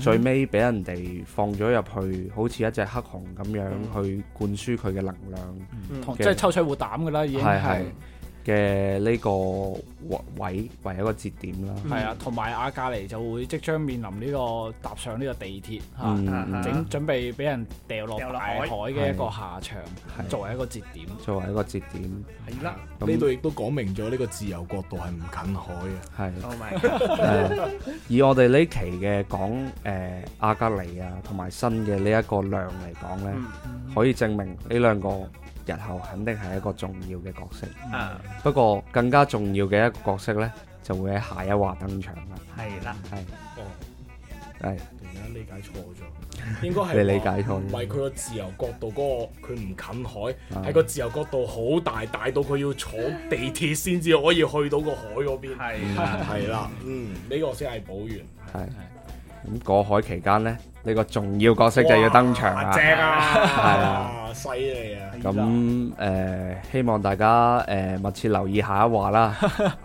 最尾俾人哋放咗入去，好似一隻黑熊咁樣去灌輸佢嘅能量，即係抽取活膽噶啦，已經係。嘅呢個位為一個節點啦，係、嗯嗯、啊，同埋阿加尼就會即將面臨呢個搭上呢個地鐵，嚇整準備俾人掉落大海嘅一個下場，作為一個節點，作為一個節點，係啦了。咁呢度亦都講明咗呢個自由國度係唔近海嘅。係，以我哋呢期嘅講誒阿加尼啊，同埋新嘅呢一個量嚟講咧，嗯嗯、可以證明呢兩個。日後肯定係一個重要嘅角色。啊、嗯，不過更加重要嘅一個角色咧，就會喺下一話登場啦。係啦了，係是，係、哦，突然間理解錯咗，應該係 (laughs) 你理解錯，唔係佢個自由角度嗰、那個，佢唔近海，喺個、啊、自由角度好大，大到佢要坐地鐵先至可以去到個海嗰邊。係，係啦，嗯，呢、這個先係補完。係，咁過海期間咧。呢個重要角色就要登場啦！正啊，係啊，犀利啊！咁誒，希望大家誒密切留意下一話啦，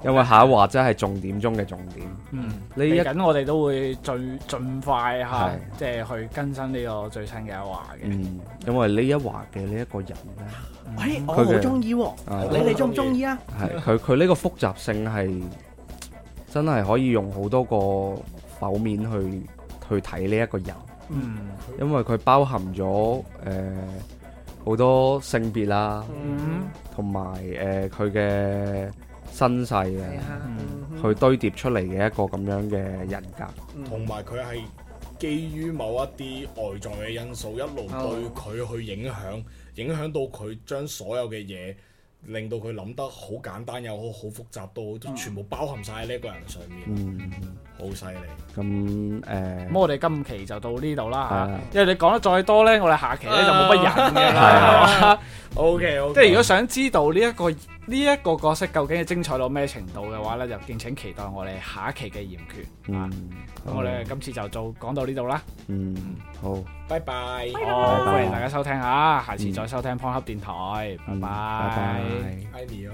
因為下一話真係重點中嘅重點。嗯，嚟緊我哋都會盡盡快嚇，即係去更新呢個最新嘅一話嘅。嗯，因為呢一話嘅呢一個人咧，誒，我好中意喎！你哋中唔中意啊？係佢，佢呢個複雜性係真係可以用好多個剖面去去睇呢一個人。嗯，因為佢包含咗誒好多性別啦、啊，同埋誒佢嘅身世嘅、啊，嗯、哼去堆疊出嚟嘅一個咁樣嘅人格，同埋佢係基於某一啲外在嘅因素，一路對佢去影響，影響到佢將所有嘅嘢，令到佢諗得好簡單又好，好複雜都好，都全部包含晒喺呢個人上面。嗯好犀利，咁誒，咁我哋今期就到呢度啦吓，因為你講得再多咧，我哋下期咧就冇乜人嘅啦。OK OK，即係如果想知道呢一個呢一個角色究竟係精彩到咩程度嘅話咧，就敬請期待我哋下一期嘅嚴權啊！咁我哋今次就做講到呢度啦。嗯，好，拜拜。歡迎大家收聽啊，下次再收聽方盒電台。拜拜，愛你哦。